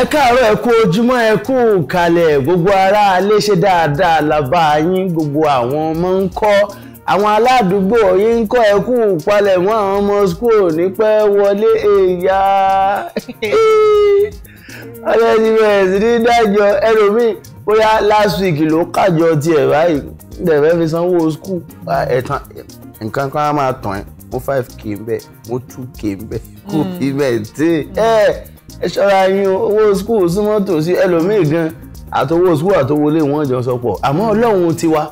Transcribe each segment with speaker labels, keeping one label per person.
Speaker 1: ẹ káàárọ̀ ẹ kú ojúmọ́ ẹ kú kalẹ̀ gbogbo ará alẹ́ ṣe dáadáa làbá yín gbogbo àwọn ọmọ ń kọ́ àwọn aládùúgbò yìí ń kọ́ ẹ kú palẹ̀ mọ́ àwọn ọmọ skul nípẹ́ wọlé èèyà ọlẹ́ ti bẹ̀rẹ̀ sí ní dájọ́ ẹlòmíì bóyá last week ló kàjọ tiẹ̀ báyìí dẹ̀fẹ́ fi sanwó skul ẹ̀tàn nǹkan kan máa tàn ẹ́ mo five k ń bẹ̀ mo two k ń bẹ̀ kò fi bẹ̀ tè ẹ̀ ẹ ṣọ́ra yín owó skul súnmọ́ tòsí ẹlòmíì gan àtowó skul àtowó ilé wọn jọ sọpọ̀ àmọ́ ọlọ́run tiwa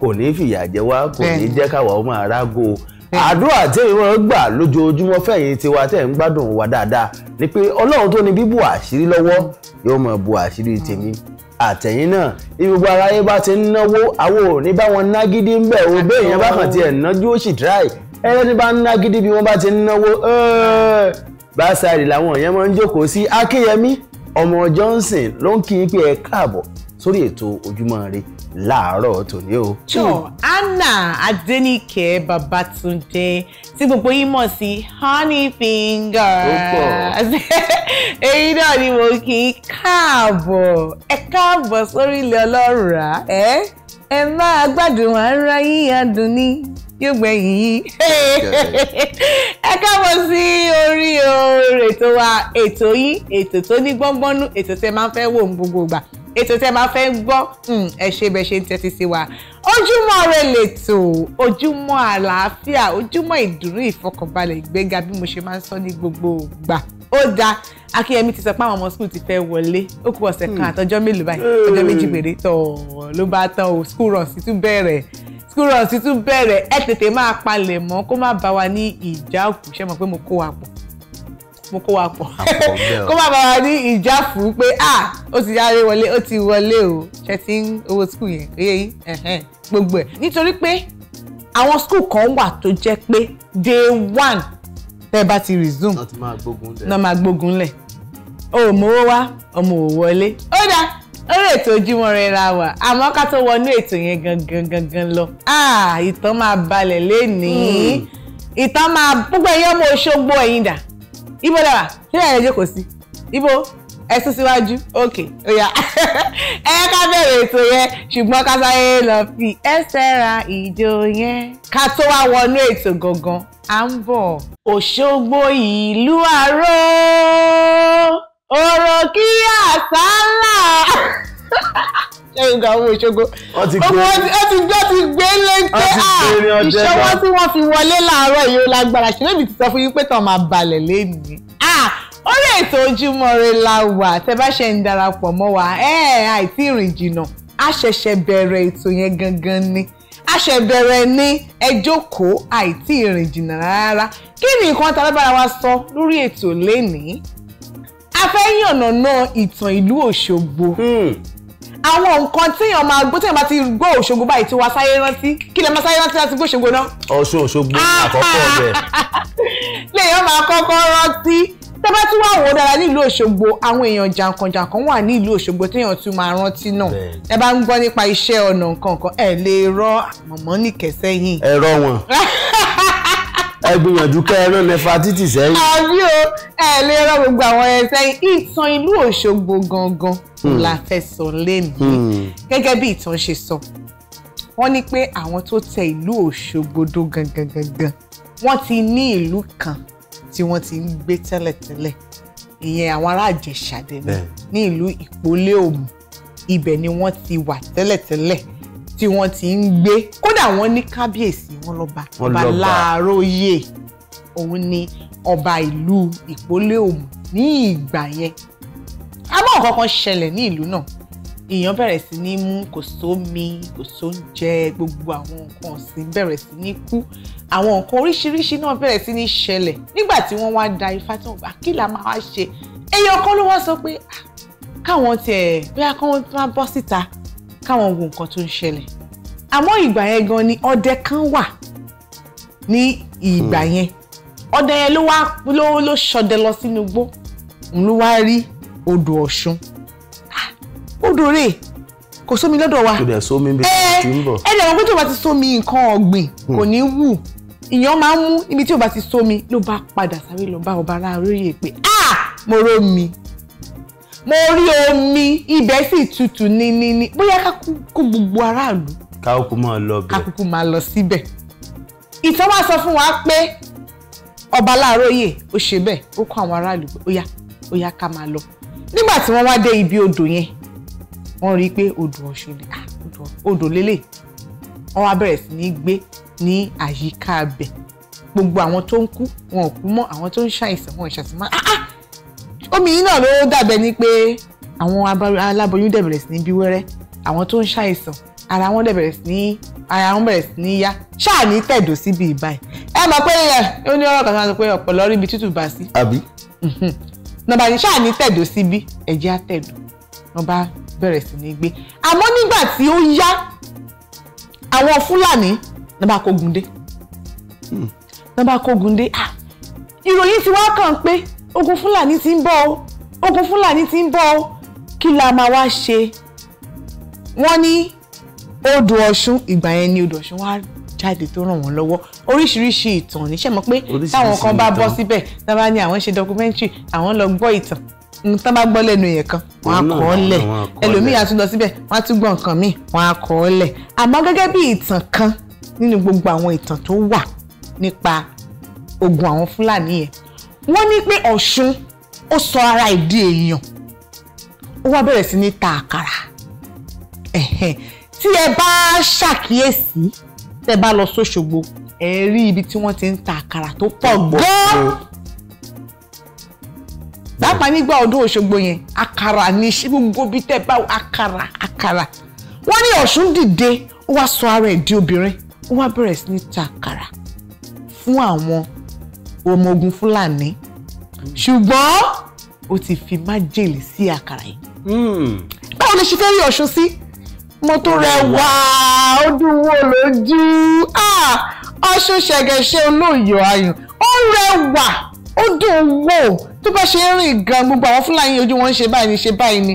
Speaker 1: kò ní fìyà jẹ wá kò ní jẹ́ káwa ó máa rágó àdúrà tẹ́yìn wọn gbà lójoojúmọ́ fẹ̀yìn tiwa tẹ́ ń gbádùn wa dáadáa ni pé ọlọ́run tó ní bíbù àṣírí lọ́wọ́ yóò máa bu àṣírí tèmi àtẹ̀yìn náà ní gbogbo aráyé bá ti ń náwó àwọn òní bá wọn nágídí ń bẹ̀ o bẹ́ẹ̀ yẹn bá kàn tiẹ̀ nájú ó sì tíráì ẹni bá ń nágídí bí wọ́n bá ti ń náwó báṣárì làwọn èèyàn máa ń jókòó sí akínyẹmí ọmọ johnson ló ń kí yín pé ẹ káàbọ̀ sórí ètò ojúmọ́ ire láàárọ̀ tòní o. jọ
Speaker 2: anna adenike babatunde tí gbogbo yín mọ̀ sí honey fingers èyí náà ni mo kì í káàbọ̀ ẹ káàbọ̀ sórí ilé ọlọ́run rà ẹ ẹ máa gbádùn àárọ̀ yín adùn ní yóò gbẹ̀yìn yìí ẹ káàbọ̀ sí orí oore ètò wa ètò yìí ètò tó ní gbọ́ngbọ́nú ètò tẹ máa ń fẹ́ wò ń gbogbo gbà ètò tẹ máa fẹ́ gbọ́ hmm, ẹ ṣe bẹ́ẹ̀ ṣe ń tẹ́tí sí wa ojúmọ́ ire lètò ojúmọ́ àlàáfíà ojúmọ́ ìdùnnú ìfọkànbalẹ̀ ìgbéga bí mo ṣe máa ń sọ ní gbogbo gbà ó dáa akínyẹmí ti sọ pé àwọn ọmọ skul ti fẹ́ wọlé ó kù ọ̀sẹ̀ kan hmm. àtọjọ́ mélòó báyìí ọjọ́ méjì hmm. péré tọ̀ ló bá tán o skul run sì tún bẹ̀rẹ̀ school run ti tún bẹ̀rẹ̀ ẹ tètè máa palẹ̀ mọ́ kó má bá wa ní ìjà òkú ṣe mọ̀ pé mo kó wa pọ̀ mo kó wa pọ̀ kó má bá wa ní ìjà fún pé ah ó ti yáre wọlé ó ti wọlé o ṣe ti ń owó school yẹn oyè yìí gbogbo ẹ̀ nítorí pé àwọn school kan wà tó jẹ́ pé day one tẹ́ bá ti resume náà máa gbógun lẹ̀ o ò mówó wá ọmọ ò ó dáa lórí ètò Ojúmọ́ Ire la wà àmọ́ ká tó wọnú ètò yẹn gangan gangan lọ ah, ìtàn máa balẹ̀ lénìí hmm. ìtàn máa gbogbo ẹ̀yin ọmọ Òṣogbo ẹ̀yin dà ibo lẹ́wà sílẹ̀ ẹ̀jẹ̀ kò sí ibo ẹsùn síwájú ok oya ẹ ká bẹ̀rẹ̀ ètò yẹn ṣùgbọ́n ká sáré lọ fi ẹsẹ̀ ra ìjó yẹn ká tó wá wọnú ètò gangan à ń bọ̀ Òṣogbo ìlú àró ọ̀rọ̀ kí àsálà ṣẹ́yìnká owó ìṣogo ó ti gbé ó ti gbé léńté ìṣọwọ́ tí wọ́n fi wọlé láàárọ̀ yìí ó lágbára ṣẹlẹ́bì ti sọ fún yín pé tán máa balẹ̀ lẹ́nìí orí ètò Ojúmọ́ Ire la wà tẹ́ bá ṣe ń darapọ̀ mọ́ wa àìtí ìrìn jìnnà a ṣẹ̀ṣẹ̀ bẹ̀rẹ̀ ètò yẹn gangan ni a ṣẹ̀ bẹ̀rẹ̀ ní ẹ jókòó àìtí ìrìn jìnnà rárá kí ni nǹkan tá a lábára wa sọ lórí ètò lénìí a fẹ́ yànnàná ìtàn ìlú Òṣogbo hmm. àwọn nǹkan téèyàn máa gbọ́ téèyàn bá ti gbọ́ Òṣogbo báyìí tí wá sáyé rántí kí lè máa sáyé rántí láti gbọ́ Òṣogbo náà.
Speaker 1: Ọ̀ṣun Òṣogbo àkọ́kọ́ rẹ̀. Ah!
Speaker 2: lèèyàn máa kọ́kọ́ rántí tẹ́ bá tún wá wò ó dára nílùú Òṣogbo àwọn èèyàn jàǹkànjàǹkàn wà nílùú Òṣogbo téèyàn tún máa rántí náà ẹ bá ń gbọ́ nípa iṣẹ́ ọnà nǹkan kan ẹ lè rọ mọ̀mọ́ nìkẹ́sẹ́yìn. ẹ rọ wọn. ẹ gbìyànjú kẹ́ ẹ rán nefatitis sẹ́yìn. àbí o ẹ lè rán gbogbo àwọn ẹ sẹ́yìn ìtàn ìlú Òṣogbo gangan hmm. la fẹ́ sọ lẹ́nìí hmm. gẹ́gẹ́ bí ìtàn ṣe sọ wọ́n ní pé àwọn tó tẹ ìlú Òṣogbo dó gangan gangan wọ́n ti ní ìlú kan tí wọ́n ti ń gbé tẹ́lẹ̀tẹ́lẹ̀ ìyẹn àwọn ará Ìjẹ̀ṣà dẹ̀ ní ìlú Ìpolé Òmù ibẹ̀ ni wọ́n ti wà tẹ́lẹ̀tẹ́lẹ̀. Mm tí wọ́n ti ń gbé kódà wọ́n ní kábíyèsí wọn lọ́ba ọba Láàróyè òun ni ọba ìlú Ìpólé Òmù ní ìgbà yẹn àmọ́ nǹkan kan ṣẹlẹ̀ ní ìlú náà èèyàn bẹ̀rẹ̀ sí ní mú kò sómi kò sóúnjẹ gbogbo àwọn nǹkan ọ̀sìn bẹ̀rẹ̀ sí ní kú àwọn nǹkan oríṣiríṣi náà bẹ̀rẹ̀ sí ní ṣẹlẹ̀ nígbà tí wọ́n wá da ifá tí wọ́n gbà kí la máa wá ṣe èèyàn kan ló wá sọ pé ah, káwọn tiẹ̀ bóyá káwọn máa bọ́ síta káwọn wo nǹkan tó ń ṣẹlẹ̀ àmọ́ ìgbà yẹn gan ni ọdẹ kan wà ní ìgbà hmm. yẹn ọdẹ yẹn ló wá ló ló ṣọdẹ lọ sínú igbó òun ló wá rí odò ọ̀ṣun ah, odò rè kò sómi lọ́dọ̀ wa kò dẹ̀ sómi eh, bá ti sómi nǹkan ọ̀gbìn hmm. kò ní wù ìyàn máa ń mú ibi tí ò bá ti sómi ló bá padà sáré lọ bá ọba aráàlú yìí pé ah, mo ró mi mo rí omi ibẹ̀ sì tutù níníní bóyá ká kó gbogbo aráàlú.
Speaker 1: káàkó máa lọ bẹ̀.
Speaker 2: káàkó máa lọ síbẹ̀. ìtàn wá sọ fún wa pé ọba láàróyè ó ṣe bẹ́ẹ̀ ó kọ́ àwọn aráàlú pé ó yá ó yá ká máa lọ. nígbà tí wọ́n wá dé ibi odò yẹn wọ́n rí i pé odò ọ̀ṣun ni ah, odò lélẹ̀ wọ́n wá bẹ̀rẹ̀ sí ní gbé ní àyíká abẹ̀ gbogbo àwọn tó ń kú wọn ò kú mọ́ àwọn tó ń ṣàìsàn wọn ò ṣàìsàn ah ah omi yìí náà ló dàbẹ̀ ni pé àwọn aláboyún dẹ̀ bẹ̀rẹ̀ sí ní bí wẹ́rẹ́ àwọn tó ń ṣàìsàn ara wọn dẹ̀ bẹ̀rẹ̀ sí ní ara wọn bẹ̀rẹ̀ sí ní yá ṣáà ní tẹ̀dó síbi ìbáyìí ẹ mọ̀ pé ẹ ó ní ọ̀rọ̀ kan sọ pé ọ̀pọ̀lọ́ rí ibi tútù bá sí. àbí. nọ́mbà ní ṣáà ní tẹ̀dó síbi ẹ̀jẹ̀ á tẹ̀dó nọ́mbà bẹ̀rẹ̀ sí ní gbé àmọ́ nígbà tí ó yá àwọn fúlàní nọ́mbà kógun dé nọ́mbà hmm. kógun dé ah ìròyìn ti wá kàn pé ogun fúlàní ti ń bọ̀ o ogun fúlàní ti ń bọ̀ o kí la máa wá ṣe wọ́n ní odò ọ̀ṣun ìgbà yẹn ni odò ọ̀ṣun wá jáde tó ràn wọ́n lọ́wọ́ oríṣiríṣi ìtàn ní mọ̀ pé táwọn kan bá bọ́ síbẹ̀ tá bá ní àwọn ṣe documentary àwọn lọ gbọ́ ìtàn tán bá gbọ́ lẹ́nu yẹn kan wọ́n á kọ́ ọ lẹ̀ ẹlòmíì á tún lọ síbẹ̀ wọ́n á tún gbọ́ nǹkan míì wọ́n á kọ́ ọ lẹ̀ àmọ́ gẹ́gẹ́ bí ìtàn kan nínú gbogbo àwọn ìtàn tó wà nípa ogun àwọn fúlàní yẹn wọ́n ní pé ọ̀ṣun ó sọ ara ìdí èèyàn ó wá bẹ̀rẹ̀ sí ní ta àkàrà tí ẹ bá ṣàkíyèsí tẹ bá lọ sóṣogbo ẹ rí ibi tí wọ́n ti ń ta àkàrà tó pọ̀ gan-an pàápàá nígbà ọdún òṣogbo yẹn àkàrà ní ṣé gbogbo bíi tẹ bá àkàrà àkàrà wọ́n ní ọ̀ṣun dìde ó wá sọ ara ẹ̀ di obìnrin ó wá bẹ̀rẹ̀ sí ní ta àkàrà fún àwọn ọmọ ogun fúlàní hmm. ṣùgbọ́n o ti fi májèlé sí àkàrà yìí. Hmm. báwo lè ṣe fẹ́ rí ọ̀ṣun sí mo tó rẹwà ó dùn wò lójú ah, ọ̀ṣun ṣẹ̀gẹ̀ṣẹ̀ olóòyò ayùn ó rẹwà ó dùn wò tó bá ṣe ń rìn gan gbogbo àwọn fúlàní ojú wọn ń ṣe báyìí ní ṣe báyìí ni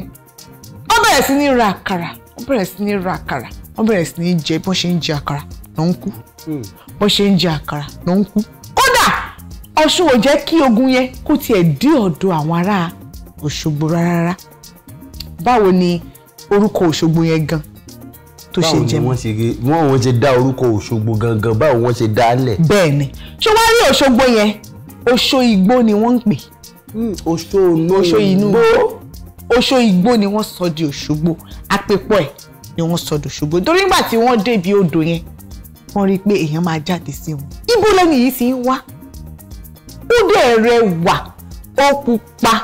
Speaker 2: wọ́n bẹ̀rẹ̀ sí ní ra àkàrà wọ́n bẹ̀rẹ̀ sí ní ra àkàrà wọ́n bẹ̀rẹ̀ sí ní jẹ bọ́n ṣe ń jẹ àkàrà ló ń kú hmm. bọ́n ṣe ń jẹ àkàrà ló kódà ọ̀ṣun ò jẹ́ kí ogun yẹn kó tiẹ̀ dé ọ̀dọ̀ àwọn ará òṣogbo rárá báwo ni orúkọ òṣogbo yẹn gan tó ṣe jẹ́ mọ́
Speaker 1: báwo ni wọ́n ṣe dá orúkọ òṣogbo gangan báwo wọ́n ṣe dá á lẹ̀.
Speaker 2: bẹ́ẹ̀ni ṣé wàá rí òṣogbo yẹn oṣó igbó ni wọ́n ń pè. Hmm, oṣó inú igbó oṣó igbó ni wọ́n sọ di òṣogbo àpèpọ̀ ẹ̀ ni wọ́n sọ di òṣogbo torí nígbà tí wọ́n débi odò yẹn wọ́n rí i pé èèyàn máa jáde sí wọn ibo lẹ́nu yìí ti ń wá ó dẹ̀ rẹwà ó pupa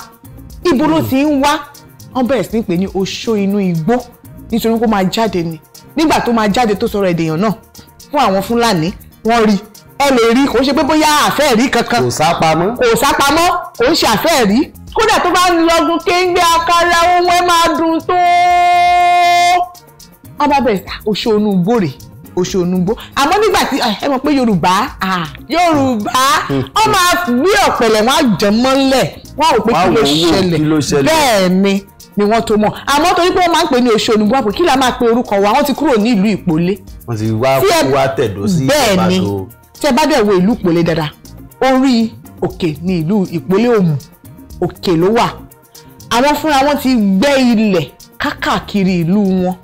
Speaker 2: ibo ló ti ń wá wọ́n bẹ̀rẹ̀ sí pé ní oṣó inú igbó nítorí kó máa jáde ni nígbà tó máa jáde tó sọ̀rọ̀ èdèyàn náà fún àwọn fúlàní wọ́n rí ẹ lè rí kò ń ṣe pé bóyá àfẹ́ẹ̀rí kankan kò sápamọ́ kò sápamọ́ kò ń ṣe àfẹ́ẹ̀rí kódà tó bá ń lọ́gun kéńgbé akara ohun ẹ máa dùn tó. wọ́n bá bẹ̀rẹ̀ oṣó inú igbó rèé òṣònúgbó àmọ́ nígbà tí ẹ mọ̀ pé yorùbá yorùbá wọ́n máa gbé ọ̀pẹ̀lẹ̀ wọn àjọmọ́lẹ̀ wọn ò pé kí ló ṣẹlẹ̀ bẹ́ẹ̀ ni ni wọ́n tó mọ̀ àmọ́ torí pé wọ́n máa ń pè ní òṣònúgbó àpò kí la máa pe orúkọ wa wọ́n ti kúrò ní ìlú ìpolé. wọ́n ti wá wá tẹ̀dó sí ìbàdàn tí ẹ bá dẹ̀ wo ìlú ìpolé dáadáa orí òkè ní ìlú ìpolé òmù òkè ló wà àwọn fúnra wọn ti gbẹ́ ilẹ̀ káàkiri ìlú wọn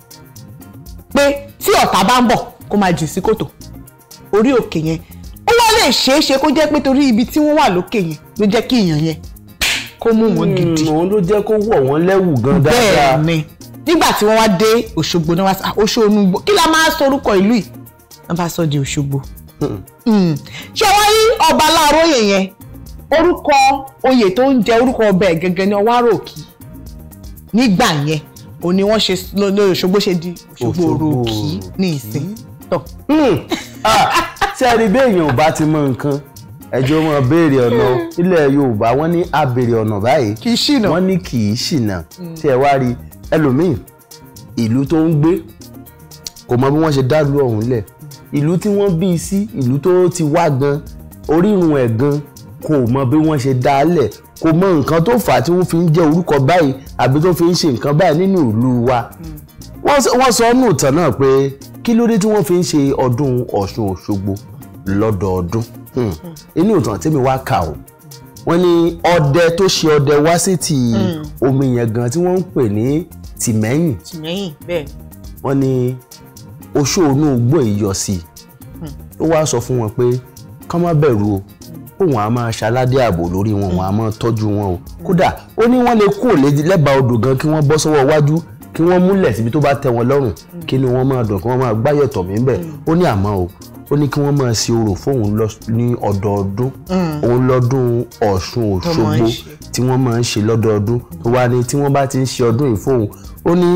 Speaker 2: pé tí ọ̀tá bá ń bọ̀ kó máa jù sí kòtò orí òkè yẹn ó wá lè ṣeé ṣe kó jẹ́ pé torí ibi tí wọ́n wà lókè yẹn ló jẹ́ kí èèyàn yẹn kó mú wọn hmm, gidi. òun ló jẹ́ kó wọ̀ wọ́n lẹ́wù gan dáadáa. bẹ́ẹ̀ ni nígbà tí wọ́n wá dé Òṣogbo náà wá sá ah, Òṣogbo kí la máa sọ orúkọ ìlú yìí wọ́n bá sọ di Òṣogbo. Hmm. Hmm. ṣé wọ́n rí ọba Láàróyè yẹn orúkọ oyè tó ń jẹ orúkọ ọbẹ̀ gẹ́gẹ́ ni ọwá ròkì nígbà yẹn òní wọ́n ṣe lórí Òṣogbo ṣe di Òṣogbo ròkì ní ìsìn tọ̀. tí hmm. a ah, rí béèyàn ò bá ti mọ nǹkan ẹjọ́ wọn
Speaker 1: béèrè ọ̀nà hmm. ilẹ̀ Yorùbá wọ́n ní a béèrè ọ̀nà báyìí kì í ṣìnà wọ́n ní kì í ṣìnà tí hmm. ẹ wá rí ẹlòmíì ìlú tó ń gbé kò mọ bí wọ́n ṣe dárú ọ̀hún lẹ̀ ìlú tí wọ́n bí i sí ìlú tó ti wá gan orírun ẹ̀ gan kò mọ bí wọ́n ṣe dá a lẹ̀ kò mọ nǹkan tó fà á tí wọ́n fi ń jẹ́ orúkọ báyìí àbí tó fi ń ṣe nǹkan báyìí nínú ìlú wa wọ́n sọ ọ́nù ìtàn náà pé kí ló dé tí wọ́n fi ń ṣe ọdún Ọ̀ṣun Òṣogbo lọ́dọọdún hmm. inú ìtàn tèmi wá kà ó wọ́n ní ọdẹ tó ṣe ọdẹ wá sí ti hmm. omi yẹn gan tí wọ́n ń pè ní tìmẹ́yìn
Speaker 2: tìmẹ́yìn bẹ́ẹ̀
Speaker 1: wọ́n ní oṣó inú igbó ìyọ sí i hmm. ó wá sọ fún wọn pé kán má bẹ̀rù o òun á máa ṣaládé ààbò lórí wọn òun á máa tọ́jú wọn o kódà ó ní wọ́n lè kú lẹ́bàá odò gan kí wọ́n bọ́ sọ́wọ́ iwájú kí wọ́n múlẹ̀ síbi tó bá tẹ́ wọn lọ́rùn kí ni wọ́n máa dùn kí wọ́n máa gbáyọ̀tọ̀ mí bẹ̀ mm. ó ní àmọ́ o ó ní kí wọ́n máa ṣe orò fóun ní ọdọọdún mm. òun lọ́dún Ọ̀ṣun Òṣogbo tí wọ́n máa ń ṣe lọ́dọọdún tó wá ní tí wọ́n bá ti ń ṣe ọdún yìí fóun ó ní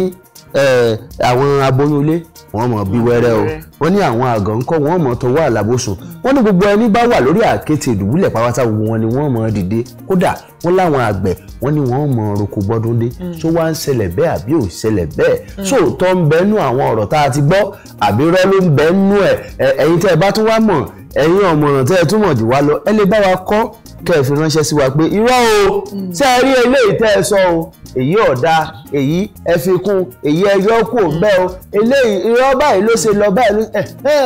Speaker 1: àwọn aboyún ilé wọ́n mọ̀ bí wẹ́rẹ́ o wọ́n ní àwọn àgàn ńkọ́ wọ́n mọ̀ tó wà lábòsùn wọ́n ní gbogbo ẹni bá wà lórí àkéte ìdùbúlẹ̀ pàwátá gbogbo wọn ni wọ́n mọ̀ dìde kódà wọ́n láwọn àgbẹ̀ wọ́n ní wọ́n mọ orúkọ bọ́dún dé so mm. wá ń ṣẹlẹ̀ bẹ́ẹ̀ àbí ò ṣẹlẹ̀ bẹ́ẹ̀ so mm. tọ́ ń bẹ́nu àwọn ọ̀rọ̀ tá a ti gbọ́ àbí rẹ́ ló ń bẹ́nu ẹ̀ ẹ̀yin tẹ́ ẹ bá tún wá mọ̀ ẹ̀yin ọ̀mọ̀ràn tẹ́ ẹ túmọ̀ jù wá lọ ẹ lè bá wa kọ́ kẹ́ ẹ fi ránṣẹ́ sí wa pé irọ́ o
Speaker 2: mm. ṣé ẹ rí eléyìí tẹ́ ẹ
Speaker 1: sọ o èyí ọ̀dà èyí ẹ fi kún èyí ẹ yọ kù ọ̀ bẹ́ẹ̀ o eléyìí irọ́ báyìí ló ṣe lọ báyìí ló ṣe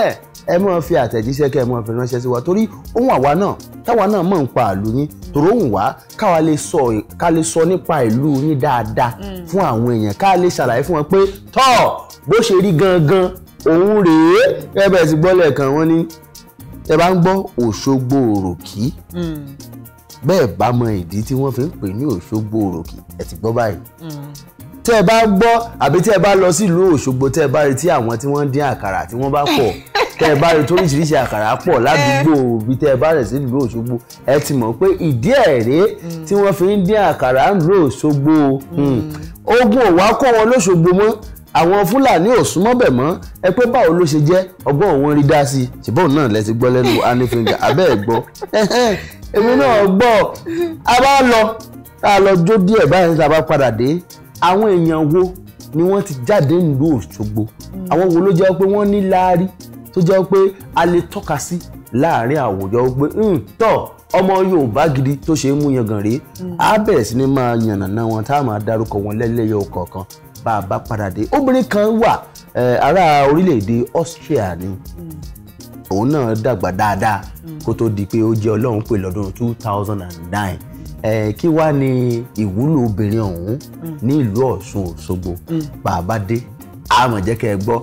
Speaker 1: ẹ máa fi àtẹ̀jíṣẹ́ kẹ́ ẹ máa fi ránṣẹ́ sí wa torí ohun àwa náà táwa náà mọ̀ ń pa ìlú yín tòró hùn wá káwa lè sọ ká lè sọ nípa ìlú yín dáadáa mm. fún àwọn èèyàn ká lè ṣàlàyé fún wọn pé tọ́ bó ṣe rí gangan òun rèé ẹ bẹ̀rẹ̀ sí gbọ́ lẹ́ẹ̀kan wọn ní ẹ bá ń gbọ́ Òṣogbo òròkì mm. bẹ́ẹ̀ bá mọ ìdí tí wọ́n fi ń pè ní Òṣogbo òròkì ẹ ti gbọ́ báyìí mm. tẹ́ ẹ bá gbọ́ àbí tẹ́ ẹ bá lọ sílùú Òṣogbo tẹ́ ẹ bá rí tí àwọn tí wọ́n dín àkàrà tí wọ́n bá pọ̀ tẹ́ ẹ bá rí toríṣiríṣi àkàrà pọ̀ ládùúgbò eh. bí tẹ́ ẹ bá rẹ̀ sí ìlú Òṣogbo ẹ ti mọ̀ pé ìdí ẹ̀ rèé mm. tí wọ́n fi ń dín àkàrà ìlú Òṣogbo hmm. mm. ogun ò wá kó wọn lóṣogbo mọ́ àwọn fúlàní ò súnmọ́ bẹ̀ mọ́ ẹ pé báwo ló ṣe jẹ́ ọgbọ́n òun rí dá sí i ṣùgbọ́n náà lẹ ti gbọ́ lẹ́nu anifinga abẹ́ ẹ̀ gbọ́ èmi náà gbọ́ a bá lọ tá a lọ jó díẹ̀ báyìí tá a bá padà dé àwọn èèyàn wo ni wọ́n ti jáde nílùú Òṣogbo mm. àwọn wo ló jẹ́ pé wọ́n ní láárí tó jẹ́ pé a lè tọ́ka sí láàrin àwùjọ pé hmm, tọ́ ọmọ Yorùbá gidi tó ṣe é mú yangàn rèé á hmm. bẹ̀rẹ̀ sí ni máa yànnàná wọn tá a máa dárúkọ wọn lẹ́lẹ́yọ kọ̀ọ̀kan bá a bá padà dé obìnrin kan wà ará orílẹ̀-èdè Austria ni hmm. òun náà dàgbà dáadáa kó tó di pé ó jẹ́ Ọlọ́run pè lọ́dún two thousand and nine kí wá ni ìwúlò obìnrin ọ̀hún ní ìlú Ọ̀ṣun Òṣogbo bàbá dé àmọ̀ jẹ́ kẹ́ ẹ gbọ́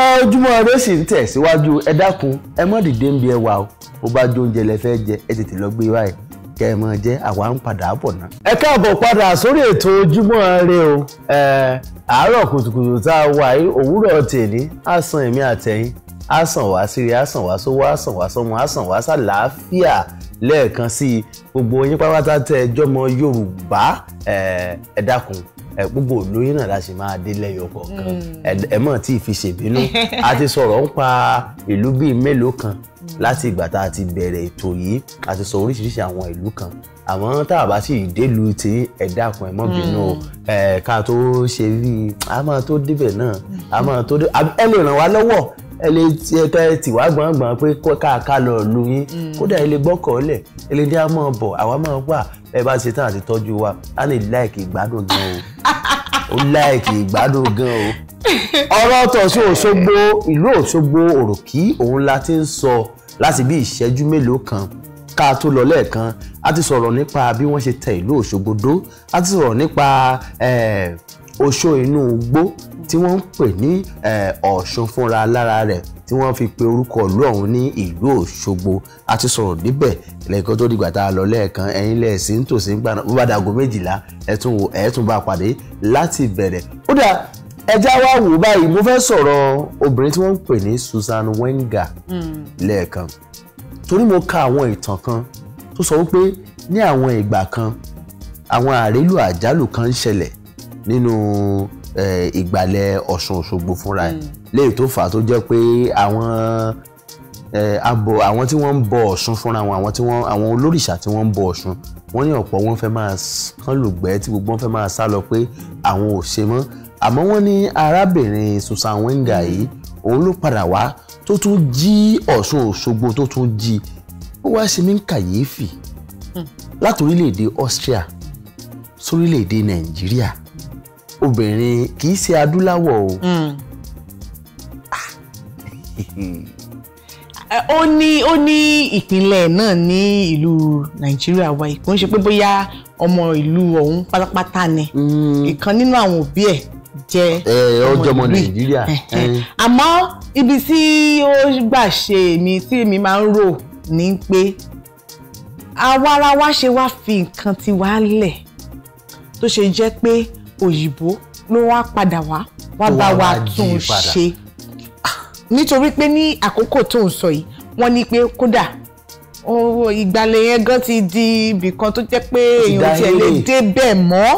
Speaker 1: ẹ ojúmọ́ rẹ sì ń tẹ̀síwájú ẹ dákun ẹ mọ́ dìde ń bí ẹ wà o ó bá jó oúnjẹ lẹ fẹ́ jẹ ẹ tètè lọ gbé e báyìí kẹ́ ẹ mọ́ jẹ àwa ń padà bọ̀ ná. ẹ káàbọ̀ padà sórí ètò ojúmọ́ rẹ o àárọ̀ kùtùkùtù tá a wà yìí òwúrọ̀ tèmi á san èmi àtẹ̀yìn á sàn wá síre á sàn wá sówó á sàn wá sọmọ á sàn wá sàlàáfíà lẹ́ẹ̀kan sí gbogbo yín pátá tẹ́ ẹ jọmọ Yorùbá ẹ gbogbo olóyè náà la sì máa dé lẹ́yọ kọ̀ọ̀kan hmm. ẹ mọ̀ tí ì fi ṣèbínú a ti sọ̀rọ̀ ń pa ìlú bíi mélòó kan hmm. láti ìgbà tá a ti bẹ̀rẹ̀ ètò yìí a ti sọ oríṣiríṣi àwọn ìlú kan àmọ́ tá a bá sì délù tí ẹ dákun ẹ mọ́ bínú hmm. ẹ ká tó ṣe rí i a máa tó débẹ̀ náà a máa tó dé ẹ lè ràn wá lọ́wọ́ ẹlẹ ẹka ti e wá gbọ̀ngbọ̀n pé káàká lọ lu yín mm. kódà ilé gbọ́kọ̀ọ́lẹ̀ ilé ní a máa bọ̀ àwa máa wà ẹ bá ṣe tán àti tọ́jú wa á lè láìkì ìgbádùn gan o ó láìkì ìgbádùn gan o ọ̀rọ̀ tọ̀sí Òṣogbo ìlú Òṣogbo òròkì òun la ti ń sọ láti bí ìṣẹ́jú mélòó kan ká tó lọ lẹ́ẹ̀kan a ti sọ̀rọ̀ nípa bí wọ́n ṣe tẹ ìlú Òṣogbo dó a ti sọ̀rọ̀ nípa eh, oṣó inú igbó tí wọ́n ń pè ní ọ̀ṣun fúnra lára rẹ̀ tí wọ́n fi pe orúkọ ìlú ọ̀hún ní ìlú òṣogbo a ti sọ̀rọ̀ níbẹ̀ lẹ́ẹ̀kan tó dìgbà tá a lọ lẹ́ẹ̀kan ẹ̀yin lẹ́ẹ̀sì ń tòsí ń gbàna bíbá dago méjìlá ẹ̀tún wò ẹ̀ẹ́tún bá pàdé láti bẹ̀rẹ̀ ó dà ẹja wá wò báyìí mo fẹ́ sọ̀rọ̀ obìnrin tí wọ́n ń pè ní Susan Wenga, hmm. lẹ́ẹ̀kan torí mo ka àwọn ìtàn kan tó sọ wípé ní àwọn ìgbà kan àwọn àrélù àjálù kan ń nínú ìgbàlẹ̀ Ọ̀ṣun Òṣogbo fúnra ẹ̀ mm. léyìí tó fà á tó jẹ́ pé àwọn abo àwọn tí wọ́n ń bọ Ọ̀ṣun fúnra wọn àwọn tí wọ́n àwọn olórìṣà tí wọ́n ń bọ Ọ̀ṣun wọ́n ní ọ̀pọ̀ wọn fẹ́ máa kán lùgbẹ́ tí gbogbo wọn fẹ́ máa sá lọ pé àwọn ò ṣe mọ́ àmọ́ wọ́n ní arábìnrin Susan Wenger yìí òun ló padà wá tó tún jí Ọ̀ṣun Òṣogbo tó tún jí ó wá ṣe mí ń kàyéfì hmm. láti Austria sórílẹ̀ Nàìjíríà. So obìnrin kì í ṣe adúláwọ̀ o.
Speaker 2: Hmm. Ah. ó ní ó ní ìpínlẹ̀ náà ní ìlú nàìjíríà wa kò ń ṣe pé bóyá ọmọ ìlú ọ̀hún pátápátá ni hmm. ìkan nínú àwọn òbí ẹ̀ jẹ́ ọmọ ìlú yìí hmm. àmọ́ ibi tí ó gbà ṣe èmi tí èmi máa ń rò ní pé àwa ara wa ṣe wá fi nǹkan tiwa lẹ̀ tó ṣe jẹ́ pé òyìnbó ló wá padà wá wá bá wa tún un ṣe nítorí pé ní àkókò tó ń sọ yìí wọ́n ní pé kódà owó ìgbàlẹ̀ yẹn gan ti di ibìkan tó jẹ́ pé èèyàn tiẹ̀ lè débẹ̀ mọ́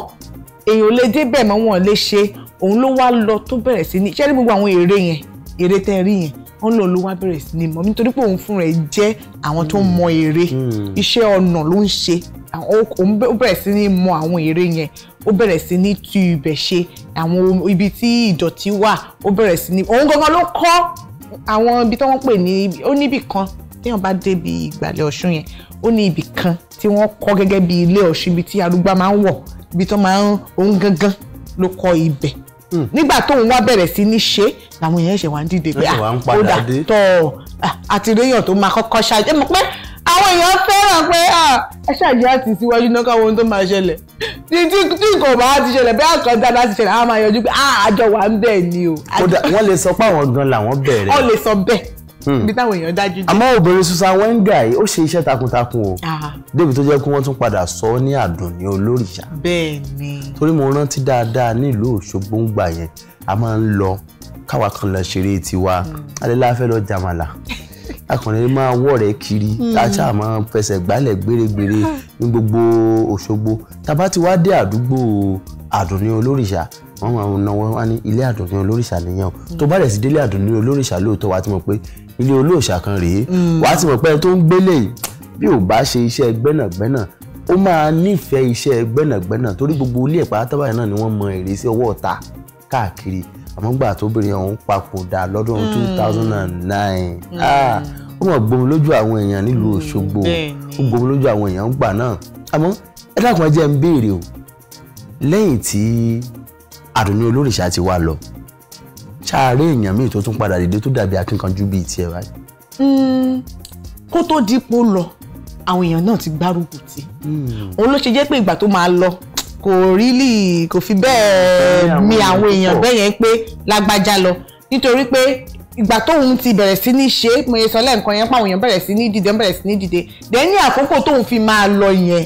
Speaker 2: èèyàn lè débẹ̀ mọ́ wọn lè ṣe òun ló wá lọ tó bẹ̀rẹ̀ sí ní ṣẹ́rí gbogbo àwọn èrè yẹn èrè tẹ́ rí yẹn wọ́n lò ló wá bẹ̀rẹ̀ sí ní mọ̀ nítorí pé òun fúnra ẹ̀ jẹ́ àwọn tó mọ èrè hmm. iṣẹ́ ọnà ló ń ṣe ó bẹ̀rẹ̀ sí ní mọ àwọn èrè yẹn ó bẹ̀rẹ̀ sí ní tu ibẹ̀ ṣe àwọn ibi tí ìdọ̀tí wà ó bẹ̀rẹ̀ sí ní òun gangan ló kọ́ àwọn ibi tí wọ́n pè ní ó níbì kan téèyàn bá débi ìgbàlẹ̀ ọ̀ṣun yẹn ó ní ibì kan tí wọ́n kọ́ gẹ́gẹ́ bí ilé ọ̀ṣun ibi tí arúgbá máa ń wọ̀ ibi tó máa ń òun gangan ló kọ́ ibẹ̀ hmm. nígbà tóun wá bẹ̀rẹ̀ sí ní ṣe làwọn èèyàn ṣe wá ń dìde pé ah, ó dà tọ́ ọ Ah, àti réyàn tó máa kọ́kọ́ ṣáájú mọ̀ pé àwọn èèyàn fẹ́ràn pé ah, ẹ ṣáàjú àti síwájú náà káwọn ohun tó máa ṣẹlẹ̀ tí nǹkan bá ti ṣẹlẹ̀ bí àkàndá láti ṣẹlẹ̀ á máa yọjú pé ah, àjọ wà ń bẹ̀ ni o. kódà
Speaker 1: wọ́n lè sọ pé àwọn gan làwọn bẹ̀rẹ̀. ọ lè
Speaker 2: sọ bẹ́ẹ̀ ibi hmm. táwọn èèyàn dájú dé. àmọ́
Speaker 1: obìnrin Susan Wengai ó ṣe iṣẹ́ takuntakun o débi tó jẹ́ kí wọ́n tún padà sọ ọ́ ní Àdùnní Olórìṣà. bẹ́ẹ̀ ni. torí mo rántí dáadáa ní káwa kan lọ ṣeré tiwa alẹ́lá fẹ́ lọ jàmàlà akọ̀nrin máa wọ̀ rẹ̀ kiri láti hmm. àmọ́ fẹsẹ̀ gbálẹ̀ gbèrègbèrè ní gbogbo Òṣogbo tàbá ti wá dé àdúgbò àdùnní olórìṣà wọ́n máa náwó wá ní ilé àdùnní olórìṣà nìyẹn o hmm. tó bá rẹ̀ sí délé àdùnní olórìṣà lóòótọ́ wàá ti mọ̀ pé ilé olóòṣà kan rèé hmm. wàá ti mọ̀ pé tó ń gbélé bí ò bá ṣe iṣẹ́ gbẹ́nàgbẹ́nà ó máa nífẹ̀ẹ́ iṣẹ́ gbẹ́nàgbẹ́nà torí gbogbo ilé ẹ̀pá náà ni wọ́n mọ èrè sí ọwọ́ káàkiri àmọ́ gbà tóbìnrin ọ̀hún papòdà lọ́dún hmm. two thousand and nine hmm. ah, ó mọ̀ gbomi lójú àwọn èèyàn nílùú hmm, Òṣogbo ó gbomi lójú àwọn èèyàn gbà náà àmọ́ ẹ dákun ẹ jẹ́ ń béèrè o lẹ́yìn tí Àdùnní Olórìṣà ti wá lọ ṣáàárẹ̀ èèyàn míì tó tún padà dìde tó dàbí akínkanjú bíi tiẹ̀ báyìí.
Speaker 2: kó tó dípò lọ àwọn èèyàn náà ti gbárùkù tì òun ló ṣe jẹ́ pé ìgbà tó máa lọ kò rílì kò fi bẹ́ẹ̀ mi àwọn èèyàn bẹ́ẹ̀ yẹn pé lágbájá lọ nítorí pé ìgbà tóun ti bẹ̀rẹ̀ sí ní ṣe mo yẹ sọ lẹ́ẹ̀kan yẹn páwọn èèyàn bẹ̀rẹ̀ sí ní dìde bẹ̀rẹ̀ sí ní dìde dẹ̀ ní àkókò tóun fi máa lọ yẹn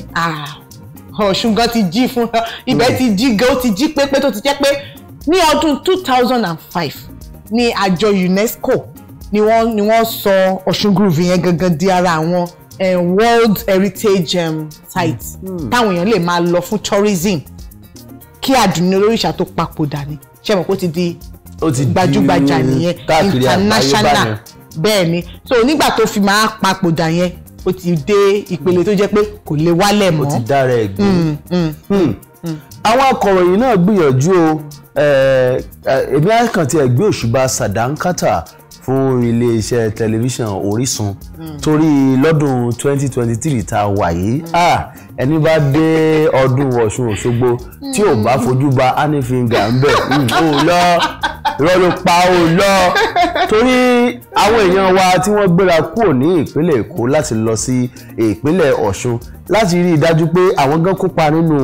Speaker 2: Ọ̀ṣun gan ti jí fún ibẹ̀ mm. ti jí gan ó ti jí pépé tó ti jẹ́ pé ní ọdún two thousand and five ní àjọ UNESCO ni wọ́n ni wọ́n sọ Ọ̀ṣun Groove yẹn gangan di ara àwọn world heritage um, site hmm. Hmm. táwọn èèyàn lè máa lọ fún tourism kí àdùnní olóríṣà tó papòdà ni ṣé mọ̀ kó ti di gbajúgbajà nìyẹn international bẹ́ẹ̀ ni so nígbà tó fi máa papòdà yẹn ó ti dé ìpele tó jẹ́ pé kò lè wálẹ̀ mọ́. ó ti dára ẹ̀ gbé. Hmm, àwọn akọ̀ròyìn náà gbìyànjú
Speaker 1: o èmi àkàntì ẹ̀gbẹ́ òṣùbà sàdánkátà fún iléeṣẹ́ tẹlifíṣàn Orísun hmm. torí lọ́dún 2023 tá a wà yìí hmm. ah, ẹni bá dé ọdún Ọ̀ṣun Òṣogbo tí ò bá hmm. fojú ba anifinga ń bẹ̀ ó lọ irọ́ ló pa ó lọ torí àwọn èèyàn wa tí wọ́n gbéra kúrò ní ìpínlẹ̀ Èkó láti lọ sí ìpínlẹ̀ Ọ̀ṣun láti rí i dájú pé àwọn gan kópa nínú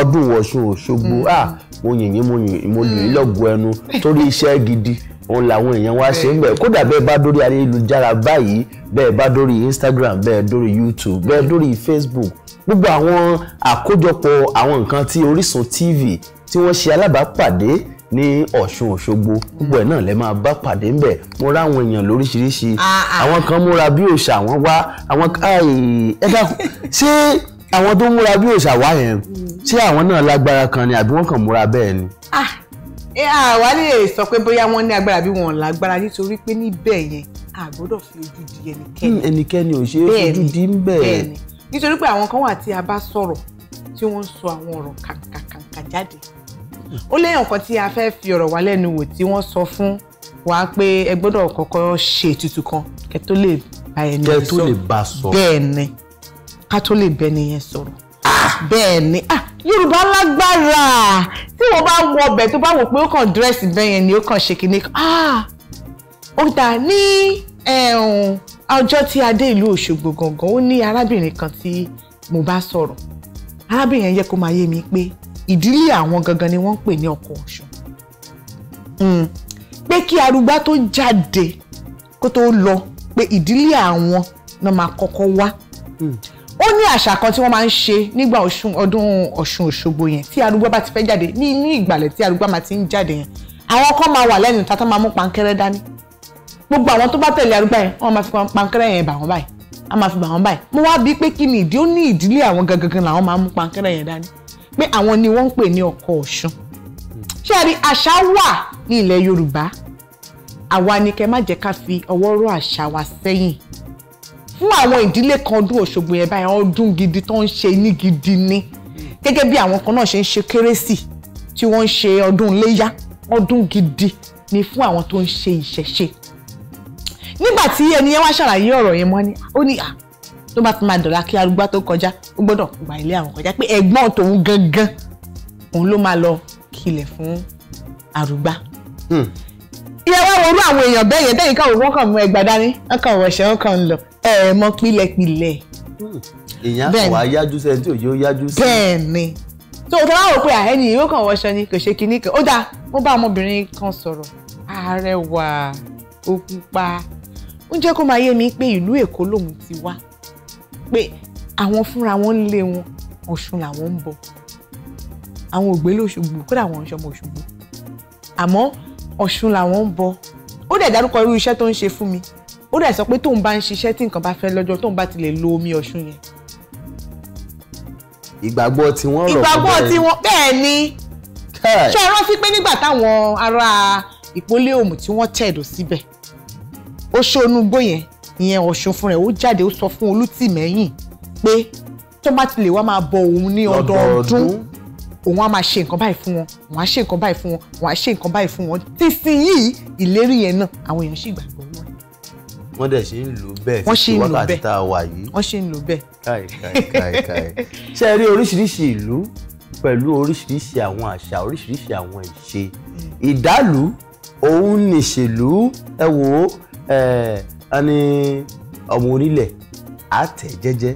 Speaker 1: ọdún Ọ̀ṣun Òṣogbo ah, mo yìnyín mo yìnyín mo lù yín lọ́gùn ẹnu torí iṣẹ́ gidi òun làwọn èèyàn wa ṣe ń bẹ̀ kódà bẹ́ẹ̀ bá dórí ayélujára báyìí bẹ́ẹ̀ bá dórí Instagram bẹ́ẹ̀ dórí YouTube bẹ́ẹ̀ dórí Facebook gbogbo àwọn àkójọpọ̀ àwọn nǹkan tí Orísun TV tí wọ́n ṣe alábàápàdé ní Ọ̀ṣun Òṣogbo gbogbo ẹ̀ náà lẹ́ máa bá pàdé ńbẹ̀ mo rá àwọn èèyàn lóríṣiríṣi ah, ah. àwọn kan múra bí òòṣà wọn wá àwọn ẹ dákun ṣé àwọn tó múra bí òòṣà wá yẹn hmm. ṣé àwọn náà lágbára kan ni àbí wọ́n kàn múra bẹ́ẹ̀ ni. Ah,
Speaker 2: ẹ àwa lè sọ pé bóyá wọ́n ní agbára bí wọ́n lágbára nítorí pé níbẹ̀ yẹn a gbọ́dọ̀ fi ojú di ẹnikẹ́ni hmm, ẹnikẹ́ni ò ṣe é fojú di ń bẹ̀ bẹ́ẹ̀ni nítorí pé àwọn kan wà tí a bá sọ̀rọ̀ tí wọ́n ń sọ àwọn ọ̀rọ̀ kàkàkàkà jáde ó léèyàn kan tí a fẹ́ fi ọ̀rọ̀ wá lẹ́nu wò tí wọ́n sọ fún wa pé ẹ gbọ́dọ̀ kọ́kọ́ ṣe ètùtù kan kẹ́ tó lè bá ẹni yẹn sọ bẹ́ẹ̀ni ká tó lè bẹ́ni yẹn sọ̀rọ̀ ah! bẹ́ẹ̀ni ah yorùbá lágbára tí wọ́n bá wọ ọbẹ̀ tó bá wò pé ó kàn dírẹ́sì bẹ́ẹ̀ yẹn ni ó kàn ṣe kìíní ah ó dà ní ọjọ́ tí a dé ìlú òṣogbo gangan ó ní arábìnrin kan tí mo bá sọ̀rọ̀ arábìnrin yẹn yẹ kó máa yé mi pé ìdílé àwọn gangan ni wọ́n ń pè ní ọkọ ọ̀ṣun hmm. pé kí arúgbá tó jáde kó tó lọ pé ìdílé àwọn náà máa kọ́kọ́ wá. Mm ó ní àṣà kan tí wọ́n máa ń ṣe nígbà ọdún Ọ̀ṣun Òṣogbo yẹn tí arúgbó bá ti fẹ́ jáde ní inú ìgbàlẹ̀ tí arúgbó máa ti ń jáde yẹn àwọn kan máa wà lẹ́nu ìta tó máa mú pankẹ́rẹ́ dání gbogbo àwọn tó bá tẹ̀lé arúgbó yẹn wọ́n máa fi pankẹ́rẹ́ yẹn bà wọ́n báyìí a máa fi bà wọ́n báyìí mo wá bíi pé kí ni ìdí ó ní ìdílé àwọn gangan làwọn máa mú pankẹ́rẹ́ yẹn dání pé àwọn ni wọ́n ń pè ní ọkọ Ọ̀ṣun ṣé rí àṣà wà ní ilẹ̀ Yorùbá àwa ni kẹ má jẹ́ ká fi ọwọ́ rọ́ àṣà wa sẹ́yìn fún àwọn ìdílé kan ọdún Òṣogbo yẹn báyìí àwọn ọdún gidi tó ń ṣe ní gidi ni gẹ́gẹ́ bí àwọn kan náà ṣe ń ṣe kérésì tí wọ́n ń ṣe ọdún iléyá ọdún gidi ni fún àwọn tó ń ṣe ìṣẹ̀ṣe nígbà tí ẹni yẹn wá ṣàlàyé ọ̀rọ̀ yẹn mọ́ ni ó ní à tó bá ti máa dọ̀la kí arúgbá tó kọjá ó gbọ́dọ̀ gba ilé àwọn kọjá pé ẹ̀gbọ́n tòun gangan òun ló máa lọ kilẹ̀ fún arúgbá hmm. ìyẹn wá worú àwọn èèyàn bẹ́ẹ̀ yẹn bẹ́ẹ̀ yìí káwọn wọ́n kàn mú ẹgbàá dání wọ́n kàn wọ̀ṣẹ́ ń lọ ẹ mọ pílẹ̀pílẹ̀.
Speaker 1: èèyàn hmm. kò wá yájú sẹ́ni tí òjò yájú sí. bẹ́ẹ̀ni
Speaker 2: tó o tọ́ láwọ̀ pé àhẹ́ni yìí ó kàn wọṣọ ni kò ṣe kinní kan ó dáa mo bá ọmọbìnrin kan sọ̀rọ̀ arẹwà ó pupa ó jẹ́ kó máa yé mi pé ìlú Èkó lòun ti wá pé àwọn fúnra wọn ń lé wọn Ọ̀ṣun làwọn ń bọ̀ àwọn ògbé lóṣogbo kódà àwọn ọ̀ṣọ́ ọmọ Òṣogbo àmọ́ Ọ̀ṣun làwọn ń bọ̀ ó dẹ̀ dárúkọ irú iṣẹ́ tó ń ṣe fún mi ó dẹ̀ sọ pé tóun bá ń ṣiṣẹ́ tí nǹkan bá fẹ́ lọ́jọ́ tóun bá ti lè lo omi ọ̀ṣun yẹn.
Speaker 1: ìgbàgbọ́ tí wọ́n rọ̀ fún bẹ́ẹ̀ ìgbàgbọ́
Speaker 2: bẹ́ẹ̀ ni ṣé ẹ rántí pé nígbà táwọn ará ìpínlẹ̀ Òmù tí wọ́n tẹ̀dọ̀ síbẹ̀ ó ṣonúgbó yẹn ìyẹn ọ̀ṣun fúnra ẹ̀ ó jáde ó sọ fún Olútìmẹ́yìn pé tó bá ti lè wá máa bọ òun ní ọdọọdún òun á máa ṣe nǹkan báyìí fún wọn òun á ṣe nǹkan báyìí fún wọn òun á ṣe nǹkan báyìí fún wọn títí yìí ìlérí yẹn náà àwọn èèyàn sì gbàgbọ́
Speaker 1: wọ́n dẹ̀ ṣe ń lò bẹ́ẹ̀ títí wákàtí tá a wà yìí wọ́n ṣe ń lò bẹ́ẹ̀. káì káì káì káì ṣe rí oríṣiríṣi ìlú pẹ̀lú oríṣiríṣi àwọn àṣà oríṣiríṣi àwọn ìṣe ìdálù òun nìṣèlú ẹ wò ó ẹ ní ọmọ onílẹ̀ àtẹ jẹ́jẹ́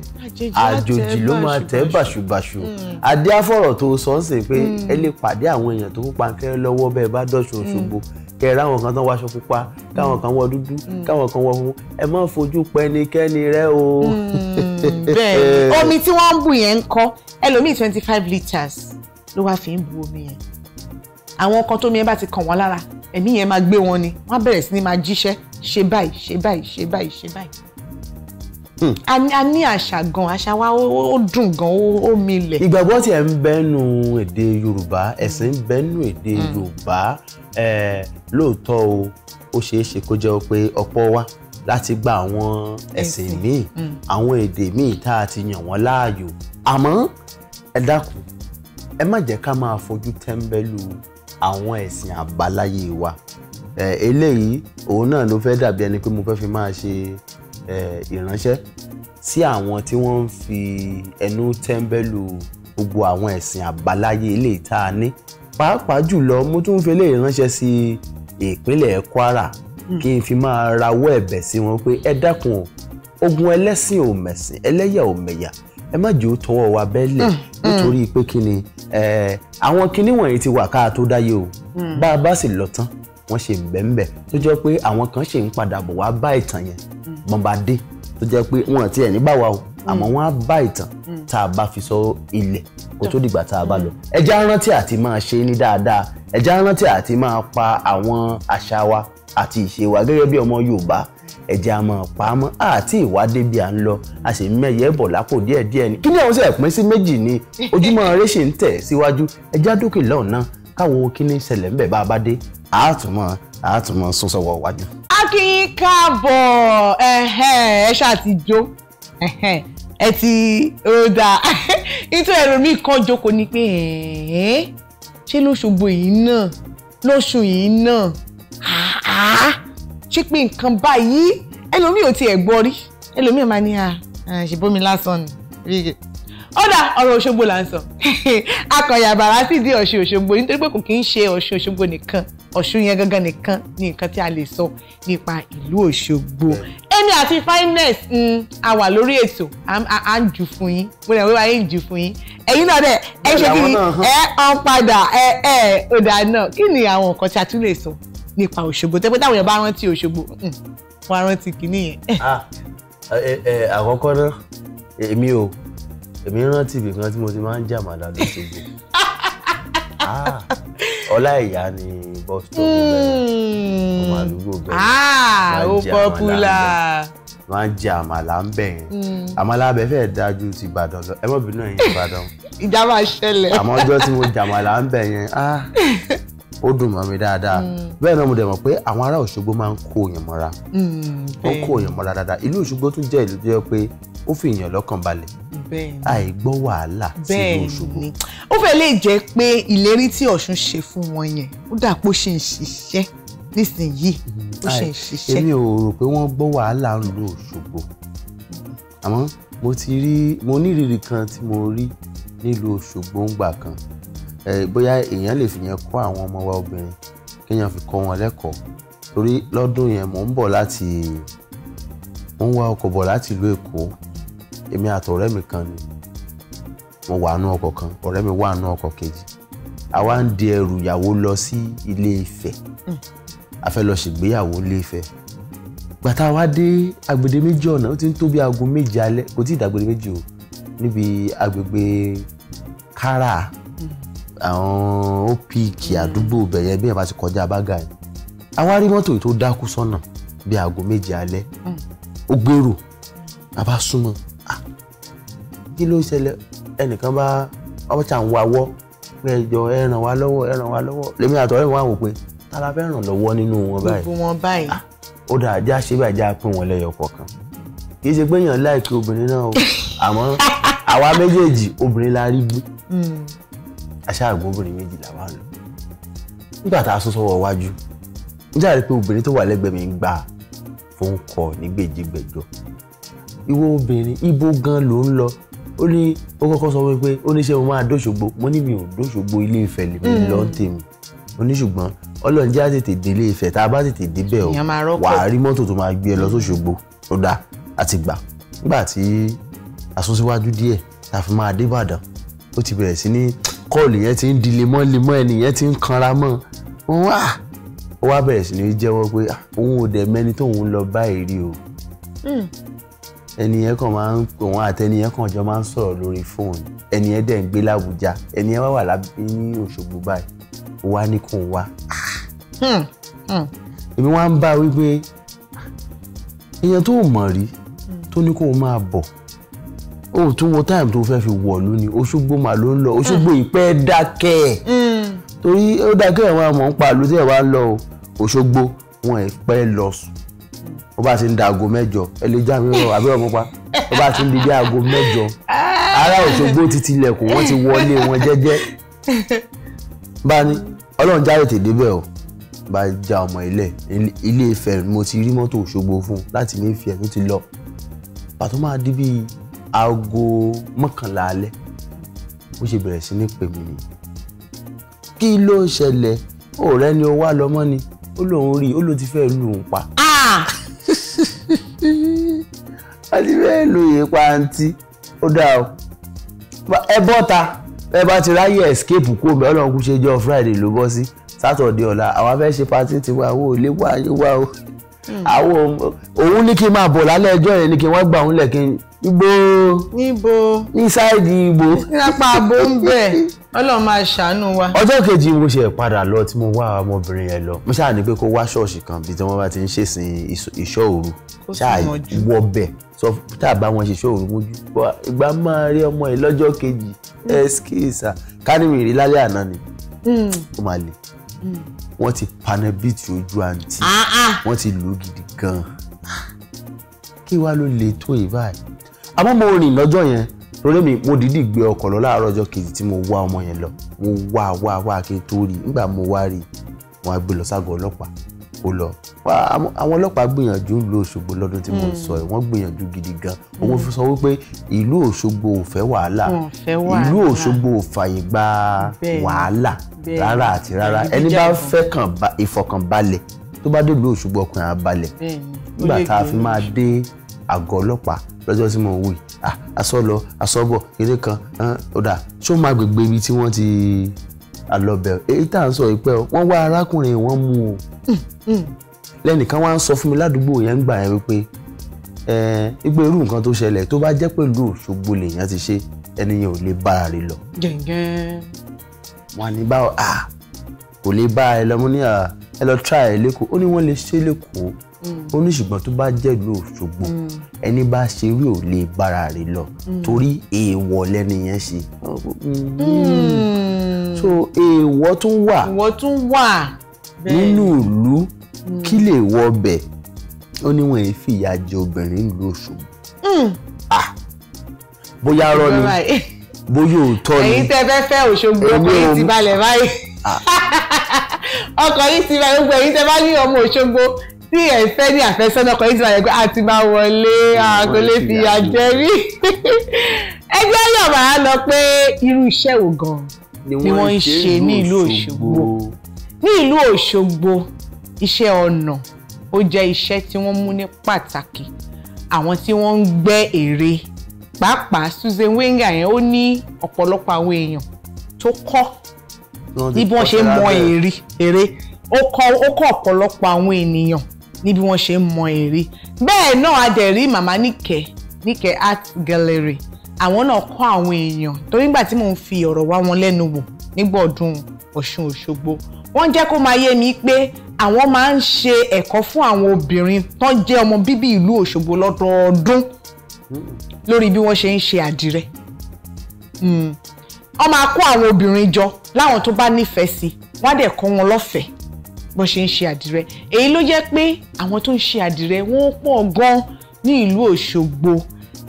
Speaker 1: àjòjì ló máa tẹ bàṣubàṣu hmm. adé afọ̀rọ̀ tó sọ ń sè pé hmm. ẹ lè pàdé àwọn èèyàn tó kó pankẹ́rẹ́ lọ́wọ́ bẹ́ẹ̀ bá dọ̀ṣun Òṣogbo. Mm kẹrẹ àwọn kan tán wọ pupa káwọn kan wọ dúdú mm. káwọn kan wọ funfun ẹ má fojú pẹnikẹ́ni rẹ o. Mm, bẹ́ẹ̀ omi tí
Speaker 2: wọ́n ń bù yẹn ń kọ́ ẹlòmíì twenty five litres ló wá fi ń bu omi yẹn àwọn kan tómi yẹn bá ti kàn wọ́n lára ẹ̀mí yẹn máa gbé wọn ni wọ́n á sí ni máa jíṣẹ́ ṣe báyìí ṣe báyìí ṣe báyìí ṣe báyìí. Hmm. a ní àṣà gan àṣà wa ó dùn gan ó milẹ̀. ìgbàgbọ́ tí
Speaker 1: ń bẹ́nu èdè Yorùbá ẹ̀sìn ń bẹ́nu èdè hmm. Yorùbá lóòótọ́ o ó ṣeé ṣe kó jẹ́ pé ọ̀pọ̀ wa láti gba àwọn ẹ̀sìn míì mm. àwọn èdè míì tá a ti yàn wọ́n láàyò àmọ́ ẹ dákun ẹ má jẹ́ ká máa fojú tẹ́ńbẹ́lú àwọn ẹ̀sìn àbáláyé wa eléyìí òun náà ló fẹ́ dàbí ẹni pé mo fẹ́ fi máa ṣe ìránṣẹ́ sí àwọn tí wọ́n ń fi ẹnu tẹ́ńbẹ́lú gbogbo àwọn ẹ̀sìn àbáláyé eléyìí tá a ní pàápàá jùlọ mo tún ń fi eléyìí ránṣẹ́ sí i ìpínlẹ̀ Kwara hmm. kí n fi máa rawọ́ ẹ̀bẹ̀ sí wọn pé ẹ dákun o ogun ẹlẹ́sìn ò mẹ̀sìn ẹlẹ́yà ò mẹ̀yà ẹ má jẹ́ ó tọwọ́ wa bẹ́lẹ̀ hmm. Hmm. nítorí pé kí ni àwọn kinní wọ̀nyí ti wà káà tó dáyé o bá a bá sì lọ tán wọ́n ṣe bẹ́ẹ̀nbẹ́ẹ̀ tó jẹ́ pé àwọn kan ṣe ń padà bọ̀ wá bá ìtàn yẹn bọ́n bá dé tó jẹ́ pé wọn àti ẹ̀ ní bá wa o àmọ́ wọ́n á bá ìtàn tá a bá fi sọ ilẹ̀ kó tó dìgbà tá a bá lọ. ẹja rántí àti máa ṣe ní dáadáa ẹja rántí àti máa pa àwọn àṣà wa àti ìṣe wa gẹ́gẹ́ bí ọmọ Yorùbá ẹ̀jẹ̀ àmọ́ pamọ́ àti ìwádìí bí à ń lọ a sì ń mẹ́yẹ bọ̀ lápò díẹ̀ díẹ̀ ni kí ni àwọn sì pín sí méjì ni ojúmọ́ ire ṣì ń tẹ̀ síwájú ẹja dókè lọ́hùn náà káwo kí ni ṣẹlẹ̀ ń bẹ̀ bá a bá dé àátùmọ̀ àátùmọ̀ sún sọ́wọ́ wájú.
Speaker 2: akínyìn káàbọ̀ ẹ ṣáà ti jó ẹ ti ròdà nítorí ẹlòmíì kan jókòó ni pé ṣé lóṣogbo yìí náà lóṣù yìí náà ṣé pé nǹkan báyìí ẹlòmíì ò tiẹ̀ gbọ́ rí ẹlòmíì máa ní à ṣèbómi lásán ni ó dá ọ̀rọ̀ Òṣogbo là ń sọ akọ̀yà bàrà sì di Ọ̀ṣun Òṣogbo nítorí pé kò kí ń ṣe Ọ̀ṣun Òṣogbo nìkan Ọ̀ṣun yẹn gangan nìkan ni nǹkan tí a lè sọ nípa ìlú Òṣogbo èmi àti fineness mm, a wà lórí ètò à ń jù fún yín mo lè wíwá yín jù fún yín ẹ̀yin náà dẹ̀ ẹ ṣe kí ni ẹ ọ̀n padà ẹ ẹ ọ̀dà náà kí ni àwọn nǹkan tí a tún lè sọ nípa Òṣogbo tẹ́pẹ́ táwọn èèyàn bá rántí Òṣogbo mm, wọn rántí kìíní
Speaker 1: èmi rántí ibì kan tí mo ti máa ń jàmàlà lọ́sọ̀gbò ah, ọláìyá ni bus stop
Speaker 2: bẹ̀rẹ̀ hmm. ọmọ àdúgbò bẹ̀rẹ̀ ó ah, pọ́pùlà
Speaker 1: máa ń jẹ àmàlà ń bẹ̀ yẹn hmm. àmàlà abẹ fẹ́ dájú ti Ìbàdàn lọ ẹ mọ̀ bínú ẹ̀yin Ìbàdàn
Speaker 2: ìjà máa ṣẹlẹ̀ àmọ́ ọjọ́
Speaker 1: tí mo jàmàlà ń bẹ̀ yẹn ah, ó dùn mọ́ mi dáadáa mm. bẹ́ẹ̀ náà mo dẹ̀ mọ̀ pé àwọn ará Òṣogbo máa ń kó èèyàn mọ́ra ó
Speaker 2: mm, kó èèyàn
Speaker 1: mọ́ra dáadáa ìlú Òṣogbo tún jẹ́ ìlú tó yẹ pé ó fi èèyàn lọ́kàn balẹ̀ àìgbọ́ wàhálà sílùú Òṣogbo.
Speaker 2: ó fẹ́ lè jẹ́ pé ìlérí tí Ọ̀ṣun ṣe fún wọn yẹn ó dà pé ó ṣe ń ṣiṣẹ́ nísìnyìí ó ṣe ń ṣiṣẹ́. èmi
Speaker 1: ò rò pé wọ́n gbọ́ wàhálà ń Òṣogbo àmọ́ mo ti rí mo ní ìrírí kan tí mo rí nílùú Òṣogbo ńgbà kan bóyá èèyàn lè fi yẹn kọ́ àwọn ọmọ wa obìnrin kéèyàn fi kọ́ wọn lẹ́kọ̀ọ́ torí lọ́dún yẹn mò ń bọ̀ láti mò ń wa ọkọ̀ bọ̀ láti ìlú Èkó èmi àtọ̀rẹ́ mi kan ni mo wà nú ọkọ̀ kan ọ̀rẹ́ mi wà nú ọkọ̀ kejì àwa ń di ẹrù ìyàwó lọ sí Ilé Ifẹ̀ hmm. a fẹ́ lọ ṣègbéyàwó Ilé Ifẹ̀ gbàtà wa dé agbèdè méjì ọ̀nà ó ti ń tó bí aago méje alẹ́ kò tí ì dàgbèdè méjì o níbi agbègbè kárà àwọn opk àdúgbò bẹ̀yẹ bí ìyàbá ti kọjá bága yìí àwa rí mọ́tò tó dákú sọ́nà bíi aago méje alẹ́ hmm. ó gbèrò bàbá súnmọ́ ah, kí ló ṣẹlẹ̀ ẹnìkan bá ọmọ tí à ń wawọ́ ẹjọ ẹ ràn wá lọ́wọ́ ẹ ràn wá lọ́wọ́ lèmi àtọ̀rẹ́ mi wá wò pé ta la fẹ́ ràn lọ́wọ́ nínú wọn báyìí
Speaker 2: gbogbo wọn báyìí ah,
Speaker 1: ó dà já ṣe báyìí já pín wọn lẹ́yọ kọ̀ọ̀kan kì í ṣe pé èèyàn láìkí obìnrin náà àmọ́ àwa méjèèjì obìnrin la rí gbé aṣáàgùn obìnrin méjì làwọn lò nígbà tá a sún sọ́wọ́ iwájú níjà rí pé obìnrin tó wà lẹ́gbẹ̀ẹ́ mi ń gbà fóun kọ ní gbèjìgbẹ̀jọ ìwọ obìnrin ibo gan ló ń lọ ó ní ó kọ́kọ́ sọ wípé ó ní ṣé mo máa dóṣogbo mo ní mi ò dóṣogbo ilé Ifẹ̀ lèmi lọ́ọ́ hmm. tèmi ó ní ṣùgbọ́n ọlọ́run jẹ́ àtètè délé Ifẹ̀ tá a bá tètè débẹ̀ o wà á rí mọ́tò tó máa gbé ẹ lọ sóṣogbo ó dáa àti gbà nígbà tí asúnsíwájú díẹ̀ tá a fi máa dé Ìbàdàn ó ti bẹ̀rẹ̀ sí ní kọ́ọ̀lù yẹn ti ń di lemọ́lemọ́ ẹnìyẹn ti ń kanra mọ́ wọn wá ó wá bẹ̀rẹ̀ sí ní jẹ́wọ́ pé ah, òun ò dẹ̀ mẹ́ni tóun lọ báyìí rí o hmm. ẹnìyẹn kan máa ń òun àtẹnìyẹn kan jọ máa ń sọ̀rọ̀ lórí fóònù ẹnìyẹn dẹ̀ ń gbé làbújá ẹnìyẹn wá wà lábẹ́ ní Òṣogbo báyìí ó wá ní kò ń wá.
Speaker 2: Hmm. Hmm.
Speaker 1: èmi wá ń bá wípé ah, èèyàn tó mọ̀ rí tó ní kó máa bọ̀ o tún wo time tó fẹ́ fi wọ̀ lónìí Òṣogbo mà ló ń lọ Òṣogbo ìpẹ́ dákẹ́ torí ó dákẹ́ ẹ̀ wá mọ̀ ń pa àlọ́ tí ẹ̀ wá ń lọ o Òṣogbo wọn ẹ̀ pẹ́ lọ sùn ó bá ti ń da aago mẹ́jọ ẹ lè já mi rọ àbí ọmọ pa ó bá ti ń di bí aago mẹ́jọ ará Òṣogbo ti tilẹ̀kùn wọ́n ti wọlé wọn jẹ́jẹ́ bá ní Ọlọ́run jáde tèdè bẹ́ẹ̀ o bá ja ọmọ ilẹ̀ Ilé Ifẹ̀ mo ti rí mọ́tò Òṣogbo fún un láti Ilé Ifẹ̀ tó ti lọ pàtó máa di bíi aago mọ́kànlá alẹ́ ó ṣe bẹ̀rẹ̀ sí ní pè mí ni kí ló ṣẹlẹ̀ ọ̀rẹ́ ni ó wá lọ́mọ ni ó lóun rí i ó ló ti fẹ́ lù ú pa. a ti fẹ́ lu yìí àǹtí ó dáa o ẹ bọ́ta ẹ bá ti ráyè escape kó mi ọlọ́run kú ṣe jọ Friday ló bọ́ sí sátọ̀dẹ̀ ọ̀la àwọn afẹ́ ṣe patí tiwa owó ilé wa yóò wá o.
Speaker 2: Hmm. àwọn
Speaker 1: òun ní kí n máa bọ̀ lálẹ́ ẹjọ́ yẹn ni kí wọ́n gbà òun lẹ̀ kí n ibo.
Speaker 2: níbo nísáìdì
Speaker 1: ibo. nípa abo ń bẹ̀
Speaker 2: ọlọ́run máa ṣàánú wa. ọjọ́
Speaker 1: kejì mo ṣe padà lọ tí mo wá ọmọbìnrin yẹn lọ mo ṣáà ní pé kó wá ṣọ́ọ̀ṣì kan bíi tí wọ́n bá ti ń ṣèsìn ìṣọ́ òru ṣáà wọ bẹ̀ sọ tá a bá wọn ṣe ṣòro mojú ìgbà máa rí ọmọ ẹ lọ́jọ́ kejì ẹ skisa kánìmì rí lálẹ́ àná ni hmm. ó máa le. Hmm wọ́n ti panabiti ojú àǹtí ah, ah. wọ́n ti lù ú gidi gan-an kí wàá ló le tó yìí báyìí àmọ́ mo rìn lọ́jọ́ yẹn lórí mi mo dìídì gbé ọkọ̀ lọ láàárọ̀ ọjọ́ kejì tí mo wá ọmọ yẹn lọ mo wá wá wá kí n tó rí i nígbà mo wá rí i wọ́n á gbé lọ ságọ̀ ọlọ́pàá ó lọ àwọn ọlọ́pàá gbìyànjú ìlú Òṣogbo lọ́dún tí mo hmm. sọ ẹ̀ wọ́n gbìyànjú gidi gan hmm. owó fi sọ wípé ìlú Òṣogbo ò fẹ́ wàhálà ìlú Òṣogbo ò fàyè gba wàhálà rárá àti rárá ẹni bá ń fẹ́ kàn ìfọkànbalẹ̀ tó bá dé ìlú Òṣogbo ọkùnrin á balẹ̀
Speaker 2: nígbà tá a fi máa
Speaker 1: dé àgọ́ ọlọ́pàá lọ́jọ́ tí mo wù yìí asọ́lọ asọ́bọ̀ eré kan ọ̀dà ṣó máa gbègbè ibi tí wọ́n ti alọ́bẹ̀ èyí tá à ń sọ yìí pẹ́ wọ́n wá arákùnrin wọ́n mú o hmm, hmm. lẹ́nìkan wá ń sọ fún mi ládùúgbò yẹn ń gbà yẹn wípé ìgbé irú nǹkan tó ṣẹlẹ̀ tó bá jẹ́ pẹ̀lú Òṣogbo lèèyàn ti ṣe ẹni yẹn ò lè bára rẹ̀ lọ.
Speaker 2: gẹ̀ngẹ̀n
Speaker 1: wọn ní báwo à kò lè bá ẹ lọ mo ní à ẹ lọ try ẹ lẹ́kọ̀ọ́ ó ní wọ́n lè ṣe lẹ́kọ̀ọ́ mm. ó ní ṣùgbọ́n tó bá jẹ́ ìlú Òṣogbo mm. ẹni bá ṣe rí ò lè bára rẹ̀ lọ mm. torí èèwọ̀ lẹ́ni yẹn ṣe. so èèwọ̀ tún
Speaker 2: wà èèwọ̀ tún wà nínú
Speaker 1: ìlú kí lè wọ bẹ̀ ó ní wọ́n yẹn fìyà jẹ obìnrin ìlú Òṣogbo bóyá rọ ni bóyá òótọ́
Speaker 2: ni ẹ̀yin tẹ́ fẹ́ fẹ́ Òṣogbo ọkọ yìí ti balẹ̀ báyìí ah. ọkọ yìí ti balẹ̀ gbogbo ẹ̀yin tẹ́ bá ní ọmọ Òṣogbo tí ẹ fẹ́ ní àfẹ́sọ́nà ọkọ yìí ti balẹ̀ pé a ah, ti máa wọlé aago ah, lè fi àjẹ rí
Speaker 1: ẹ jẹ́ yọ̀ máa lọ
Speaker 2: pé irú iṣẹ́ wo gan-an ni wọ́n ń ṣe ní ìlú Òṣogbo ní ìlú Òṣogbo iṣẹ́ ọnà ó jẹ́ iṣẹ́ tí wọ́n mú ní pàtàkì àwọn tí wọ́n ń gbẹ́ ère pàápàá Susan Wenger yẹn ó ní ọ̀pọ̀lọpọ̀ àwọn èèyàn tó kọ́ ní bí wọ́n ṣe ń mọ èrè ó kọ́ ọ̀pọ̀lọpọ̀ àwọn ènìyàn ní wọ́n ṣe ń mọ èrè bẹ́ẹ̀ náà a màmá níkẹ́ níkẹ́ art gallery àwọn náà kọ́ àwọn èèyàn torí nígbà tí mò ń fi ọ̀rọ̀ wá wọn lẹ́nu wò nígbà ọdún Ọ̀ṣun Òṣogbo wọ́n jẹ́ kó máa yé mi pé àwọn máa ń ṣe ẹ̀kọ́ fún àwọn obìnrin tó jẹ́ ọmọ bíbí ìlú Òṣogbo lọ́dọọdún lórí bí wọ́n ṣe ń ṣe àdìrẹ hmm. wọ́n máa kó àwọn obìnrin jọ láwọn tó bá nífẹ̀ẹ́ sí wọ́n á dẹ̀ kọ́ wọn lọ́fẹ̀ẹ́ bó ṣe ń ṣe àdìrẹ èyí ló jẹ́ pé àwọn tó ń ṣe àdìrẹ wọ́n pọ̀ gan-an ní ìlú Òṣogbo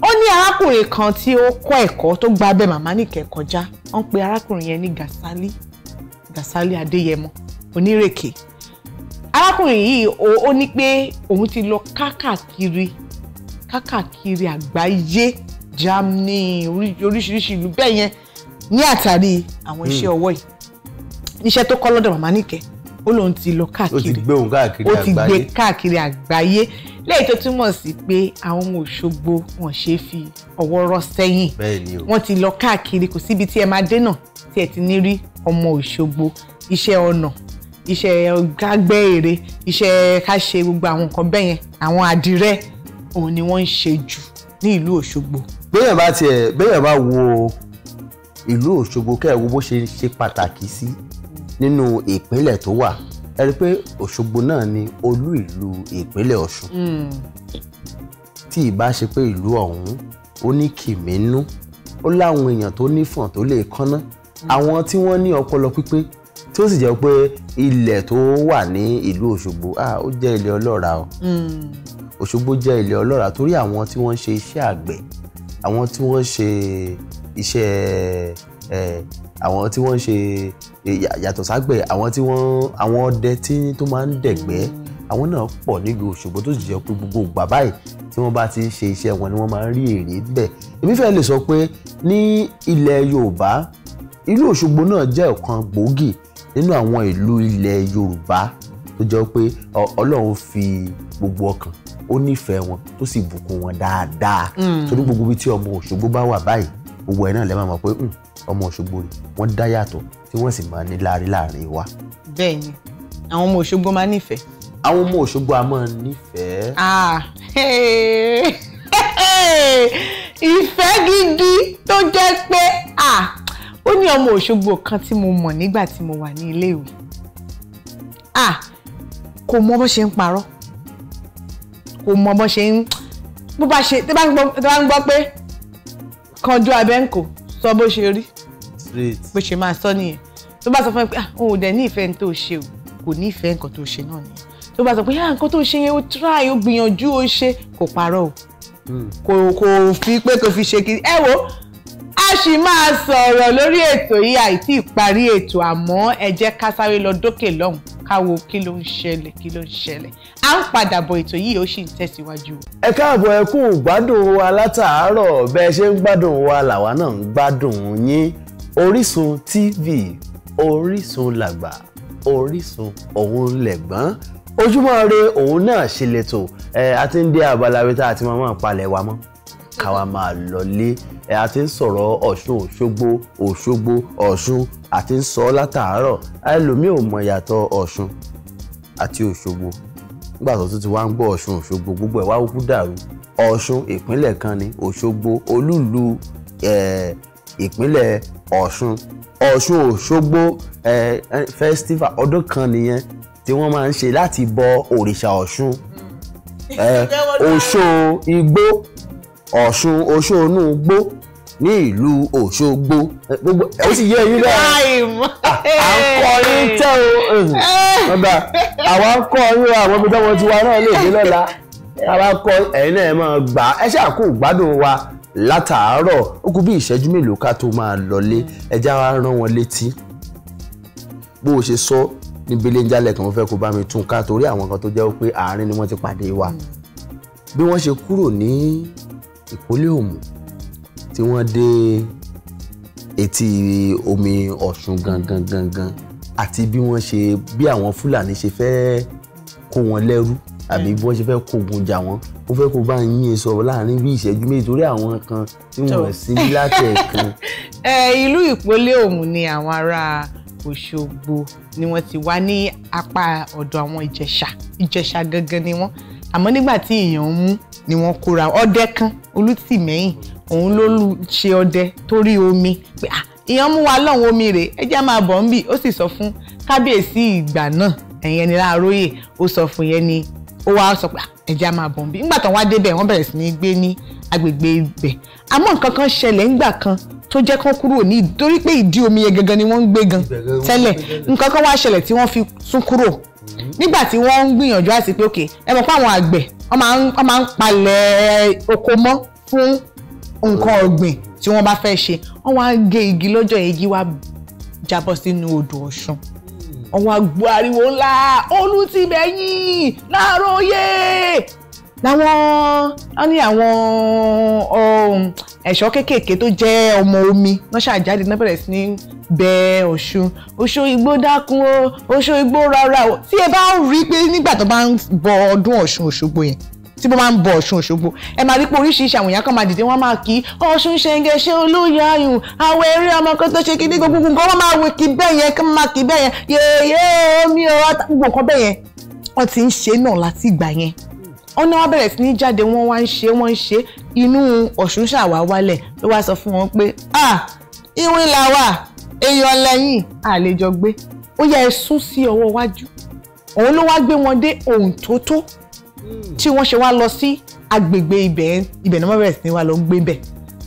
Speaker 2: ó ní arákùnrin kan tí ó kọ́ ẹ̀kọ́ tó gba abẹ́ màmá nìkẹ́ kọjá wọ́n ń pe arákùnrin yẹn ní Gàsálí Gàsálí Adéyẹmọ onírèké arákùnrin yìí ó ní pé òun ti lọ káàkiri kákàkiri àgbáyé Germany oríṣiríṣi ìlú bẹ́ẹ̀ yẹn ní àtàrí àwọn iṣẹ́ hmm. ọwọ́ yìí iṣẹ́ tó kọ́ lọ́dọ̀ màmá nìkẹ́ ó lóun ti lọ káàkiri ó ti
Speaker 1: gbé òun káàkiri àgbáyé ó ti gbé
Speaker 2: káàkiri àgbáyé lẹ́yìn tó túmọ̀ sí pé àwọn ohun òṣogbo wọn ṣe fi ọwọ́ rọ́ sẹ́yìn wọ́n ti lọ káàkiri kò síbi tí ẹ máa dé náà tí ẹ ti ní rí ọmọ òṣogbo iṣẹ́ ọnà iṣẹ́ kágbẹ́ ère iṣẹ́ ká ṣe gbogbo àwọn nǹkan bẹ́yẹn àwọn àdìrẹ́ òun ni wọ́n ń ṣe jù ní ìlú Òṣogbo.
Speaker 1: béèyàn bá tiẹ̀ béèyàn bá wo ìlú Òṣogbo kẹ́ẹ̀ wo bó ṣe ṣe pàtàkì sí nínú ìpínlẹ̀ tó wà ẹ rí i pé Òṣogbo náà ni olú ìlú ìpínlẹ̀ Ọ̀ṣun hmm. tí ìbá ṣe pé ìlú ọ̀hún ó ní kìmínú ó láwọn èèyàn tó nífọ̀n tó lè kánná hmm. àwọn tí wọ́n ní ọpọlọ pípé tí ó sì jẹ́ pé ilẹ̀ tó wà ní ìlú Òṣogbo ó jẹ́ ilẹ̀ ọlọ́ràá o.
Speaker 2: Mm.
Speaker 1: Òṣogbo jẹ́ ilẹ̀ ọlọ́ràá torí àwọn tí wọ́n ń ṣe iṣẹ́ àgbẹ̀ àwọn tí wọ́n ń ṣe iṣẹ́ àwọn tí wọ́n ń ṣe yàtọ̀ ságbẹ̀ àwọn tí wọ́n àwọn ọdẹ tí tó máa ń dẹ̀gbẹ́ àwọn náà pọ̀ nílùú Òṣogbo tó sì jẹ́ pé gbogbo ìgbà báyìí tí wọ́n bá ti ń ṣe iṣẹ́ wọn ni wọ́n máa ń rí èrè bẹ́ẹ̀ èmi fẹ́ lè sọ pé ní ilẹ̀ Yorùbá ìlú Òṣogbo náà jẹ́ ọ̀kan gbòógì nínú àwọn ìlú ilẹ̀ Yorùbá tó jẹ́ pé ọlọ́run fi gbogbo ọkàn ó nífẹ̀ẹ́ wọn tó sì bùkún wọn dáadáa hmm. torí gbogbo ibi tí ọmọ Òṣogbo bá wà báyìí gbogbo ẹ̀ náà lè máa mọ̀ pé hmm, ọmọ Òṣogbo rẹ̀ wọ́n dá yàtọ̀ tí wọ́n sì máa ní láàrin láàrin wa.
Speaker 2: bẹ́ẹ̀ni àwọn ọmọ Òṣogbo máa nífẹ̀ẹ́. àwọn ọmọ Òṣogbo a máa nífẹ̀ẹ́. ìfẹ́ gidi tó jẹ́ pé ó ní ọmọ Òṣogbo kan tí mo mọ̀ nígbà tí mo wà ní ilé ìwé kò mọ bó ṣe ń parọ́ kò mọ bó ṣe ń bó bá ṣe tí bá ń gbọ́ pé kanjú abẹ́ǹkò sọ bó ṣe rí bó ṣe máa sọ nìyẹn tó bá sọ fún ẹ pé òun ah, ò dẹ̀ ní ìfẹ́ ní tó ṣe o kò ní ìfẹ́ nǹkan tó ṣe náà nìyẹn tó bá sọ pé yá ah, nǹkan tó ṣe yẹn ó try ó gbìyànjú ó ṣe kò parọ́ o hmm. kò kò fi pé kò fi ṣe kiri ẹ wo ṣì máa sọ̀rọ̀ lórí ètò yìí àìtí ìparí ètò àmọ́ ẹ jẹ́ ká sáré lọ dókè lọ́hùn ká wo kí ló ń ṣẹlẹ̀ kí ló ń ṣẹlẹ̀ à ń padà bọ̀ ètò yìí ó sì ń tẹ̀síwájú.
Speaker 1: ẹ káàbọ̀ ẹ kú gbádùn wa látàárọ̀ bẹ́ ẹ ṣe ń gbádùn wa làwa náà ń gbádùn yín Orísun TV Orísun làgbà Orísun òun lẹ̀gbọ́n Ojúmọ́ Ire òun náà ṣe lè tò ẹ àti ń dé abala wí tá a ti máa máa palẹ̀ wa mọ́ àwa máa lọlé ẹ a ti ń sọ̀rọ̀ ọ̀ṣun òṣogbo òṣogbo ọ̀ṣun àti ń sọ látàárọ̀ ẹlòmíì ò mọ ìyàtọ̀ ọ̀ṣun àti òṣogbo nígbà tó tún ti wá ń gbọ́ ọ̀ṣun òṣogbo gbogbo ẹ̀ wá kú dàrú ọ̀ṣun ìpínlẹ̀ kan ni òṣogbo olúùlú ìpínlẹ̀ ọ̀ṣun ọ̀ṣun òṣogbo festival ọdún kan nìyẹn tí wọ́n máa ń ṣe láti bọ òrìṣà ọ̀ṣun hmm. ọ̀ṣun igbó ọ̀ṣun oṣoonú gbó ní ìlú òṣogbo gbogbo ó sì yé eyín náà à ń kọ́ yín tẹ́ o eh. ọ̀dà àwa ń kọ́ yín àwọn ibi tọ́wọ́ tiwa náà lè dé lọ́la àwa kọ́ ẹ̀yin náà ẹ̀ máa gbà ẹ ṣáà kó gbádùn wa látàárọ̀ ó kú bí ìṣẹ́jú mélòó ká tó máa lọlé ẹja wa rán wọn létí bó o ṣe sọ ní belenjalè kan fẹ́ kó bá mi tún ká torí àwọn kan tó jẹ́ pé àárín ni wọ́n ti pàdé wa hmm. bí wọ́n ṣe kúrò ní ìpínlẹ̀ Òmù tí wọ́n dé etí omi Ọ̀ṣun gangan gangan àti bí wọ́n ṣe bí àwọn Fúlàní ṣe fẹ́ kó wọn lẹ́rú àbí hmm. bí wọ́n ṣe fẹ́ kógun jà wọ́n ó fẹ́ kó bá ń yín sọ láàrin bí ìṣẹ́jú méjì torí àwọn kan tí wọ́n sí láti ẹ̀kan.
Speaker 2: Eh, ìlú ìpínlẹ̀ Òmù ni àwọn ará Òṣogbo ni wọ́n ti wá ní apá ọ̀dọ̀ àwọn Ìjẹ̀ṣà Ìjẹ̀ṣà gangan ni wọ́n àmọ́ nígbà tí èèyàn ń mú ni wọ́n kóra ọdẹ kan olùtìmẹ́yìn òun ló ṣe ọdẹ torí omi pé ah ìyẹn mú wa lọ́hùn omi rè ẹ jẹ́ máa bọ̀ ń bì ó sì sọ fún kábíyèsí ìgbà náà ẹ̀yẹn ni láàróyè ó sọ fún yẹn ni ó wá sọ pé ah, ẹ jẹ́ máa bọ̀ ń bì nígbà tán wá débẹ̀ wọ́n bẹ̀rẹ̀ sí ní gbé ní agbègbè ibẹ̀ àmọ́ nǹkan kan ṣẹlẹ̀ ńgbà kan tó jẹ́ kán kúrò ní torí pé ìdí omi yẹn gangan ni wọ́n ń gbé gan tẹ́lẹ̀ nǹkan kan wá ṣẹlẹ̀ tí wọ́n fi sún kúrò mm-hmm. nígbà tí wọ́n ń gbìyànjú àti pé òkè ẹ mọ̀ pé àwọn àgbẹ̀ wọ́n máa ń wọ́n máa ń palẹ̀ oko mọ́ fún nǹkan ọ̀gbìn tí wọ́n bá fẹ́ ṣe wọ́n wá gé igi lọ́jọ́ igi wá jábọ́ sínú odò Ọ̀ṣun wọ́n wá gbọ́ ariwo ńlá olùtìmẹ̀yìn láàárọ̀ yé làwọn á ní àwọn um, ẹ̀ṣọ́ kéékèèké tó jẹ́ ọmọ omi wọ́n ṣàjáde náà bẹ̀rẹ̀ sí ní bẹ ọ̀ṣun oṣó igbó dákun o oṣó igbó rárá o tí ẹ bá ń rí i pé nígbà tó bá ń bọ ọdún ọ̀ṣun òṣogbo yẹn tí mo máa ń bọ ọ̀ṣun òṣogbo ẹ máa rí pé oríṣiríṣi àwọn èèyàn kan máa dìde wọ́n máa kí ọ̀ṣun ṣẹ̀ǹgẹ̀ ṣe olóyè ayùn àwọn eré ọmọ kan tó ṣe kíní gbogbo nǹkan wọ́n máa wò kí bẹ́ẹ̀ yẹn kí wọ́n máa kí bẹ́ẹ̀ yẹn yéèyé omi ọ̀rọ̀ gbogbo nǹkan bẹ́ẹ̀ yẹn wọ́n ti ń ṣe náà láti ìgbà yẹn ọ̀nà wa bẹ̀rẹ̀ sí ní jáde wọ́n wá ń ṣe wọ́n ń ṣe inú Ọ̀ṣun ṣàwá wálẹ̀ ló wá sọ fún wọn pé ah ìwìn làwà èèyàn lẹ́yìn àlejò gbé ó yẹ ẹ sún sí ọwọ́ iwájú òun ló wá gbé wọn dé Òǹtótó hmm. tí wọ́n ṣe wá lọ sí agbègbè ibẹ̀ ibẹ̀ náà bẹ̀rẹ̀ sí ní wá lọ gbé bẹ̀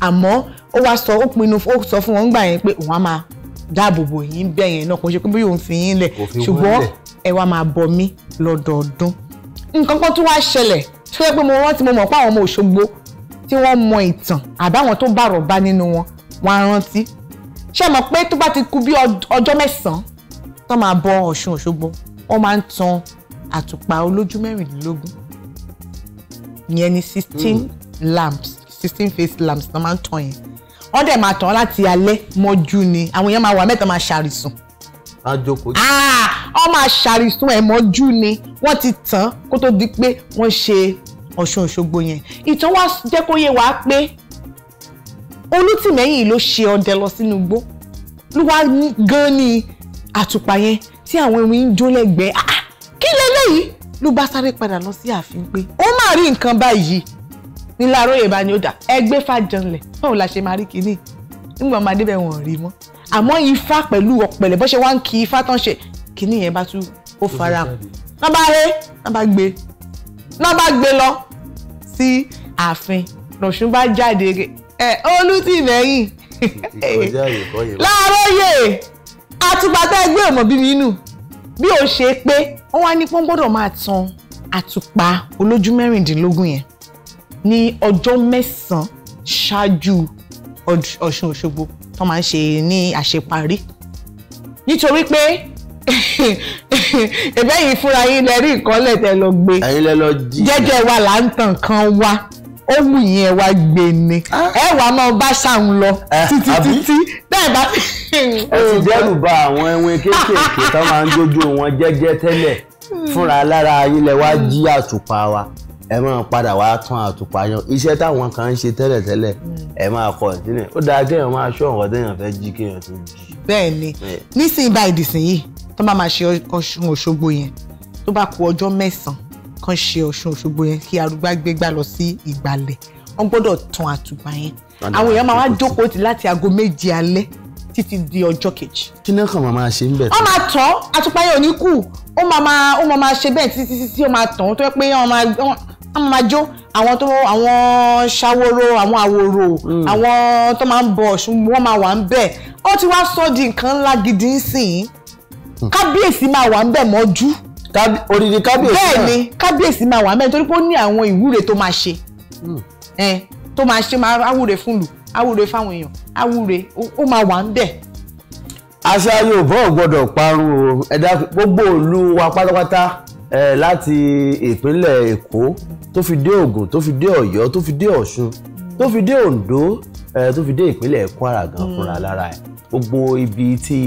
Speaker 2: àmọ́ ó wá sọ ó pinnu ó sọ fún wọn gbà yẹn pé òun á máa dáàbòbò yín bẹ́ẹ̀ yẹn náà kò ṣe pé bí òun fi yín lẹ̀ ṣùgbọ́n ẹ wá máa bọ mí lọ́dọọdún nǹkan kan tún wá ṣẹlẹ̀ tó yẹ pé mo rántí mo mọ̀ pé àwọn ọmọ Òṣogbo tí wọ́n mọ ìtàn àbáwọn tó bàrọ̀ bá nínú wọn wọn á rántí ṣé mọ̀ pé tó bá ti kù bí ọjọ́ mẹ́sàn-án tó máa bọ Ọ̀ṣun Òṣogbo wọ́n máa ń tan àtùpà olójú mẹ́rìndínlógún ìyẹn ni sixteen hmm. lamps sixteen face lamps tó máa ń tan yẹn wọ́n dẹ̀ máa tàn láti alẹ́ mọ́jú ni àwọn èèyàn máa wà mẹ́ta máa ṣàrìsùn
Speaker 1: wọ́n
Speaker 2: máa ṣàrìsùn ẹ̀mọ́jú ni wọ́n ti tàn kó tó di pé wọ́n ṣe Ọ̀ṣun Òṣogbo yẹn ìtàn wa jẹ́ kó yé wa pé Olútìmẹ́yìn ló ṣe ọdẹ lọ sínú igbó ló wá gan ni àtùpà yẹn tí àwọn ewì ń jó lẹ́gbẹ̀ẹ́ kí lélẹ́yìí ló bá sáré padà lọ sí ààfin pé ó máa rí nǹkan báyìí ní Láròyè bá ní ó dà ẹgbẹ́ fàjọlẹ̀ báwo la ṣe máa rí kinní nígbà máa débẹ̀ wọ́n rí mọ́ àmọ́ ifá pẹ̀lú ọ̀pẹ̀lẹ̀ bó ṣe wá ń kí ifá tán ṣe kíní yẹn bá tún ó fara hàn náà bá ré náà bá gbé náà bá gbé lọ sí ààfin lọ́ṣùn bá jáde ẹ olùtìmẹ́yìn láàárọ̀yè àtùpàtà ẹgbẹ́ ọmọ bí mi nù bí ó ṣe pé wọ́n wá ní pọ́n gbọ́dọ̀ máa tan àtùpà olójú mẹ́rìndínlógún yẹn ní ọjọ́ mẹ́sàn-án ṣáájú Ọ̀ṣun Òṣogbo tó máa ń ṣe ní àṣeparí nítorí pé ẹ̀bẹ̀ yìí fúnra yín lẹ rí nǹkan lẹtẹ lọ gbé jẹ́jẹ́ wa là ń tàn kan wa ó wù yín ẹ wá gbé ni ah. ẹ wàá máa bá ṣàwọn lọ eh, títí títí bẹ́ẹ̀ bá.
Speaker 1: ẹ ti dẹ́rù bà àwọn ẹwìn kéékèèké tó máa ń dójú wọn jẹ́jẹ́ tẹ́lẹ̀ fúnra lára yín lẹ jí àtùpà wa ẹ máa padà wá tún àtùpà yan iṣẹ́ táwọn kan ń ṣe tẹ́lẹ̀tẹ́lẹ̀ mm. ẹ máa kọ ìdílé ó dáa kéèyàn máa ṣọ́ ọ̀rọ̀ téèyàn fẹ́ jí kéèyàn tó jí.
Speaker 2: bẹ́ẹ̀ ni nísìnyí báyìí dìsìnyí tó bá máa ṣe Ọ̀ṣun Òṣogbo yẹn tó bá ku ọjọ́ mẹ́sàn-án kan ṣe Ọ̀ṣun Òṣogbo yẹn kí arúgbá gbé gbà lọ sí ìgbàlẹ̀ wọ́n gbọ́dọ̀ tan àtùpà yẹn àwọn èèyàn máa wá jókòó ti láti aago méje alẹ́ títí di ọjọ́ kejì. kí ni kàn máa ṣe ń bẹ̀. wọ́n máa tán àtùpà yẹn ò ní kù ó máa máa ó máa máa ṣe bẹ́ẹ̀ títí títí ó máa tán tó yẹ pé wọ́n máa a máa jó àwọn tó àwọn ṣàwòrò àwọn àwòrò hmm. àwọn tó máa ń bọ Ọ̀ṣun wọ́n máa wà ń bẹ̀ ó ti wá sọ di nǹkan ńlá gidi ń sìn hmm. kábíyèsí máa wà ń bẹ̀ mọ́jú odidi kábíyèsí náà bẹ́ẹ̀ ni kábíyèsí máa wà ń bẹ̀ nítorí pé ó ní àwọn ìwúre tó máa ṣe hmm. tó máa ṣe máa awúre fún lù awúre fáwọn èèyàn awúre ó máa wà ń bẹ̀
Speaker 1: àṣà Yorùbá ò gbọdọ̀ parun ẹ̀dá gbogbo ìlú wa pátápátá ẹ láti ìpínlẹ̀ èkó tó fi dé ògùn tó fi dé ọ̀yọ́ tó fi dé ọ̀ṣun tó fi dé oǹdó ẹ tó fi dé ìpínlẹ̀ kwara gan fúnra hmm. lára ẹ gbogbo ibi tí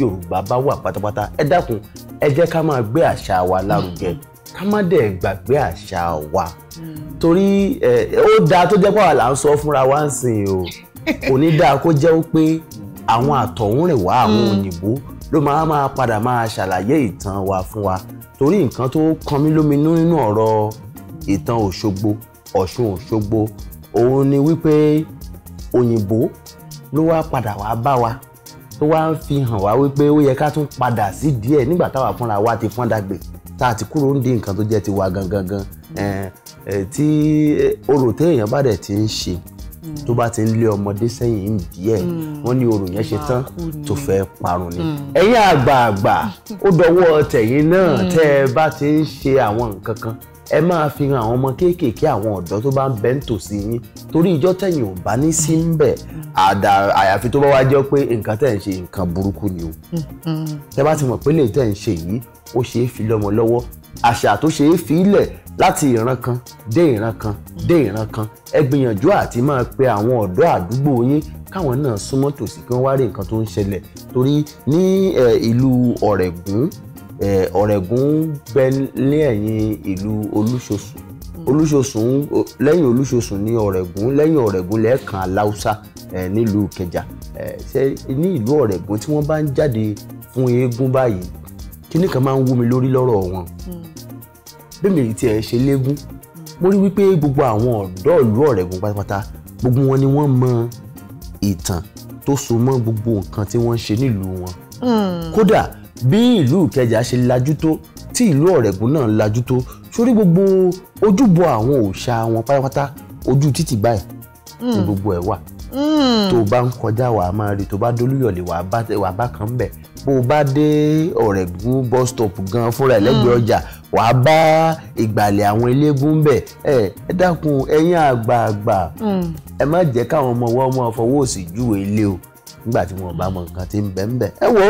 Speaker 1: yorùbá bá wà pátápátá ẹ dákun ẹ jẹ́ ká máa gbé àṣà wa lárugẹ hmm. ká má dẹ̀ gbàgbé àṣà wa hmm. torí ó dáa tó jẹ́ pàwọ́ là ń sọ fúnra wa ń sìn o kò ní dáa kó jẹ́ pé àwọn àtọ̀húnrìnwá àwọn òyìnbó ló máa máa padà máa ṣàlàyé ìtàn wa fún wa torí nǹkan tó kan mí lóminú nínú ọ̀rọ̀ ìtàn Òṣogbo Ọ̀ṣun Òṣogbo òun ni wípé òyìnbó ló wá padà wá bá wa tó wá ń fi hàn wá wípé ó yẹ ká tún padà sí díẹ̀ nígbà táwa fúnra wa ti fọ́n dàgbé tá a ti kúrò ń di nǹkan tó jẹ́ tiwa gangan gan tí orò téèyàn bá dẹ̀ ti ń ṣe tó bá ti ń lé ọmọdé sẹ́yìn díẹ̀ hmm. wọ́n ní orò yẹn ṣe tán tó fẹ́ parun ni. Hmm. ẹ̀yin àgbààgbà ó dọwọ́ tẹ̀yin náà hmm. tẹ́ ẹ bá ti ń ṣe àwọn nǹkan kan ẹ máa fi hàn àwọn ọmọ kéékèèké àwọn ọ̀dọ́ tó bá ń bẹ́ ń tòsí yín torí ìjọ tẹ̀yìn ò bá ní sí ń bẹ̀ àdà àyàfi tó bá wá jẹ́ pé nǹkan tẹ̀ ń ṣe nǹkan burúkú ni o. tẹ́ bá ti mọ̀ pé lè tẹ̀ ń ṣe yìí ó ṣeé fi lọ́mọ lọ́wọ́ àṣà tó ṣe é fi ilẹ̀ láti ìran kan dé ìran kan dé ìran kan ẹ gbìyànjú àti máa pe àwọn ọ̀dọ́ àdúgbò yín káwọn náà súnmọ́ tòsí kí wọ́n wá rí nǹkan tó ń ṣẹlẹ̀ torí ní ìlú ọ̀rẹ̀gún ọ̀rẹ̀gún bẹ ní ẹ̀yìn ìlú olúṣosùn olúṣosùn lẹ́yìn olúṣosùn ní ọ̀rẹ̀gún lẹ́yìn ọ̀rẹ̀gún lẹ́ẹ̀kan aláùsá nílùú kẹjà ṣe ní ìlú ọ̀rẹ̀gún tí wọ́n bá ń jáde fún eégún báyìí kíní kan máa ń wú mi lórí lọ́rọ̀ wọn hmm bẹ́ẹ̀ mi ti ẹ̀ ṣe léegun mo rí wípé gbogbo àwọn ọ̀dọ́ ìlú Ọ̀rẹ́gun pátápátá gbogbo wọn ni wọ́n mọ ìtàn tó so mọ́ gbogbo nǹkan tí wọ́n ń ṣe nílùú wọn. Hmm. kódà bí ìlú Ìkẹjà ṣe lajú tó tí ìlú Ọ̀rẹ́gun náà lajú tó sórí gbogbo ojúbọ àwọn òòṣà wọn pátápátá ojú títì báyìí ni hmm. gbogbo ẹ̀ wà
Speaker 2: hmm. tó
Speaker 1: bá ń kọjá wà á máa rí tó bá dolúyọ̀lé wà á bá kan bẹ̀ bó o bá dé Ọ̀rẹ́gun bus stop gan fúnra ẹ̀ lẹ́gbẹ̀ẹ́ ọjà wà á bá ìgbàlẹ̀ àwọn eléégún bẹ̀ ẹ ẹ dákun ẹ̀yin àgbààgbà hmm. ẹ má jẹ́ káwọn ọmọ wọn máa fọwọ́ òsì júwe ilé o nígbà tí wọn bá mọ nǹkan tí ń bẹ ń bẹ ẹ wo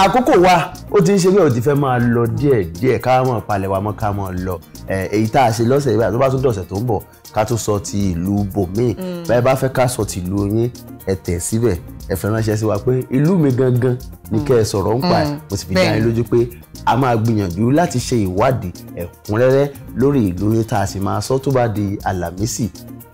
Speaker 1: àkókò wa ó ti ń ṣe bí ó ti fẹ́ máa lọ díẹ̀ díẹ̀ ká mọ̀ palẹ̀ wa mọ́ ká mọ̀ lọ èyí tá a ṣe lọ́sẹ̀ yìí tó bá tún dọ̀sẹ̀ tó ń bọ̀ ká tún sọ ti ìlú bòmíì mm. báyìí bá fẹ́ ká sọ ti ìlú yín ẹ tẹ̀ síbẹ̀ ẹ fẹ́ ránṣẹ́ sí wa pé ìlú mi gangan ni mm. kẹ́ ẹ sọ̀rọ̀ ń pa ẹ̀ mm. mo sì fi dá yín lójú pé a máa gbìyànjú láti ṣe ìwádìí ẹ̀kúnrẹ́rẹ́ lórí ìlú yín tá a sì máa sọ tó bá di àlàmísì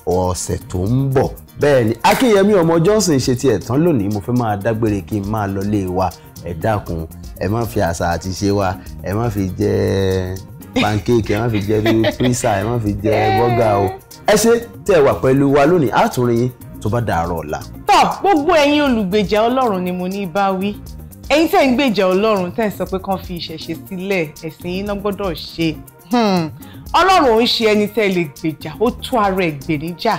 Speaker 1: ọ̀sẹ̀ tó ń bọ̀ bẹ́ẹ̀ ni akínyẹmí ọmọ johnson ṣe tiẹ̀ tán lónìí mo fẹ́ máa dágbére kí n máa lọ lé wa ẹ dákun ẹ má fi àṣà àti ṣe wa ẹ má fi jẹ pancake ẹ má fi jẹ bí pizza ẹ má fi jẹ bọ́gà o ẹ ṣe tẹ́ ẹ wà pẹ̀lú wa lónìí àtúnrin yín tó bá dàárọ̀ ọ̀la.
Speaker 2: tọ́ gbogbo ẹ̀yin olùgbèjà ọlọ́run ni mo ní bá wí ẹ̀yin tẹ́ ń gbèjà ọlọ́run tẹ́ ń sọ pé kán fi ìṣẹ̀ṣe sílẹ̀ ẹ̀sìn yín náà gbọ́dọ̀ ṣe hmm. ọlọ́run ò ń ṣe ẹni tẹ́ lè gbèjà ó tún ara ẹ̀ gbè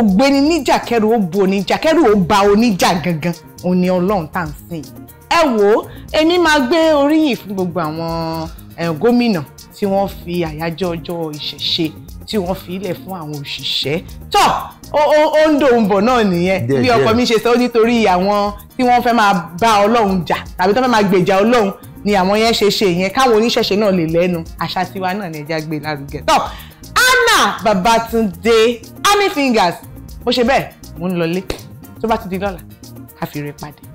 Speaker 2: ògbéni níjà kẹrù ó bu oníjà kẹrù ó ba oníjà gangan òun ni tá à ń sìn yìí ẹ wò ó èmi máa gbé oríyìn fún gbogbo àwọn gómìnà tí wọ́n fi àyájọ́ ọjọ́ ìṣẹ̀ṣe tí wọ́n fi ilẹ̀ fún àwọn òṣìṣẹ́ tó ó ń dòun bọ̀ náà nìyẹn bí ọkọ mi ṣe sọ nítorí àwọn tí wọ́n fẹ́ máa bá ọlọ́run jà tàbí tó fẹ́ máa gbèjà ọlọ́run ni àwọn yẹn ṣe ṣe yẹn káwọn oníṣẹ̀ṣe náà lè lẹ́nu àṣà tiwa náà ni ẹja gbé lárugẹ tó Anna Babatunde Honey Fingers mo ṣe bẹ́ẹ̀ mo ń lọlé tó bá ti di lọ́la ká fi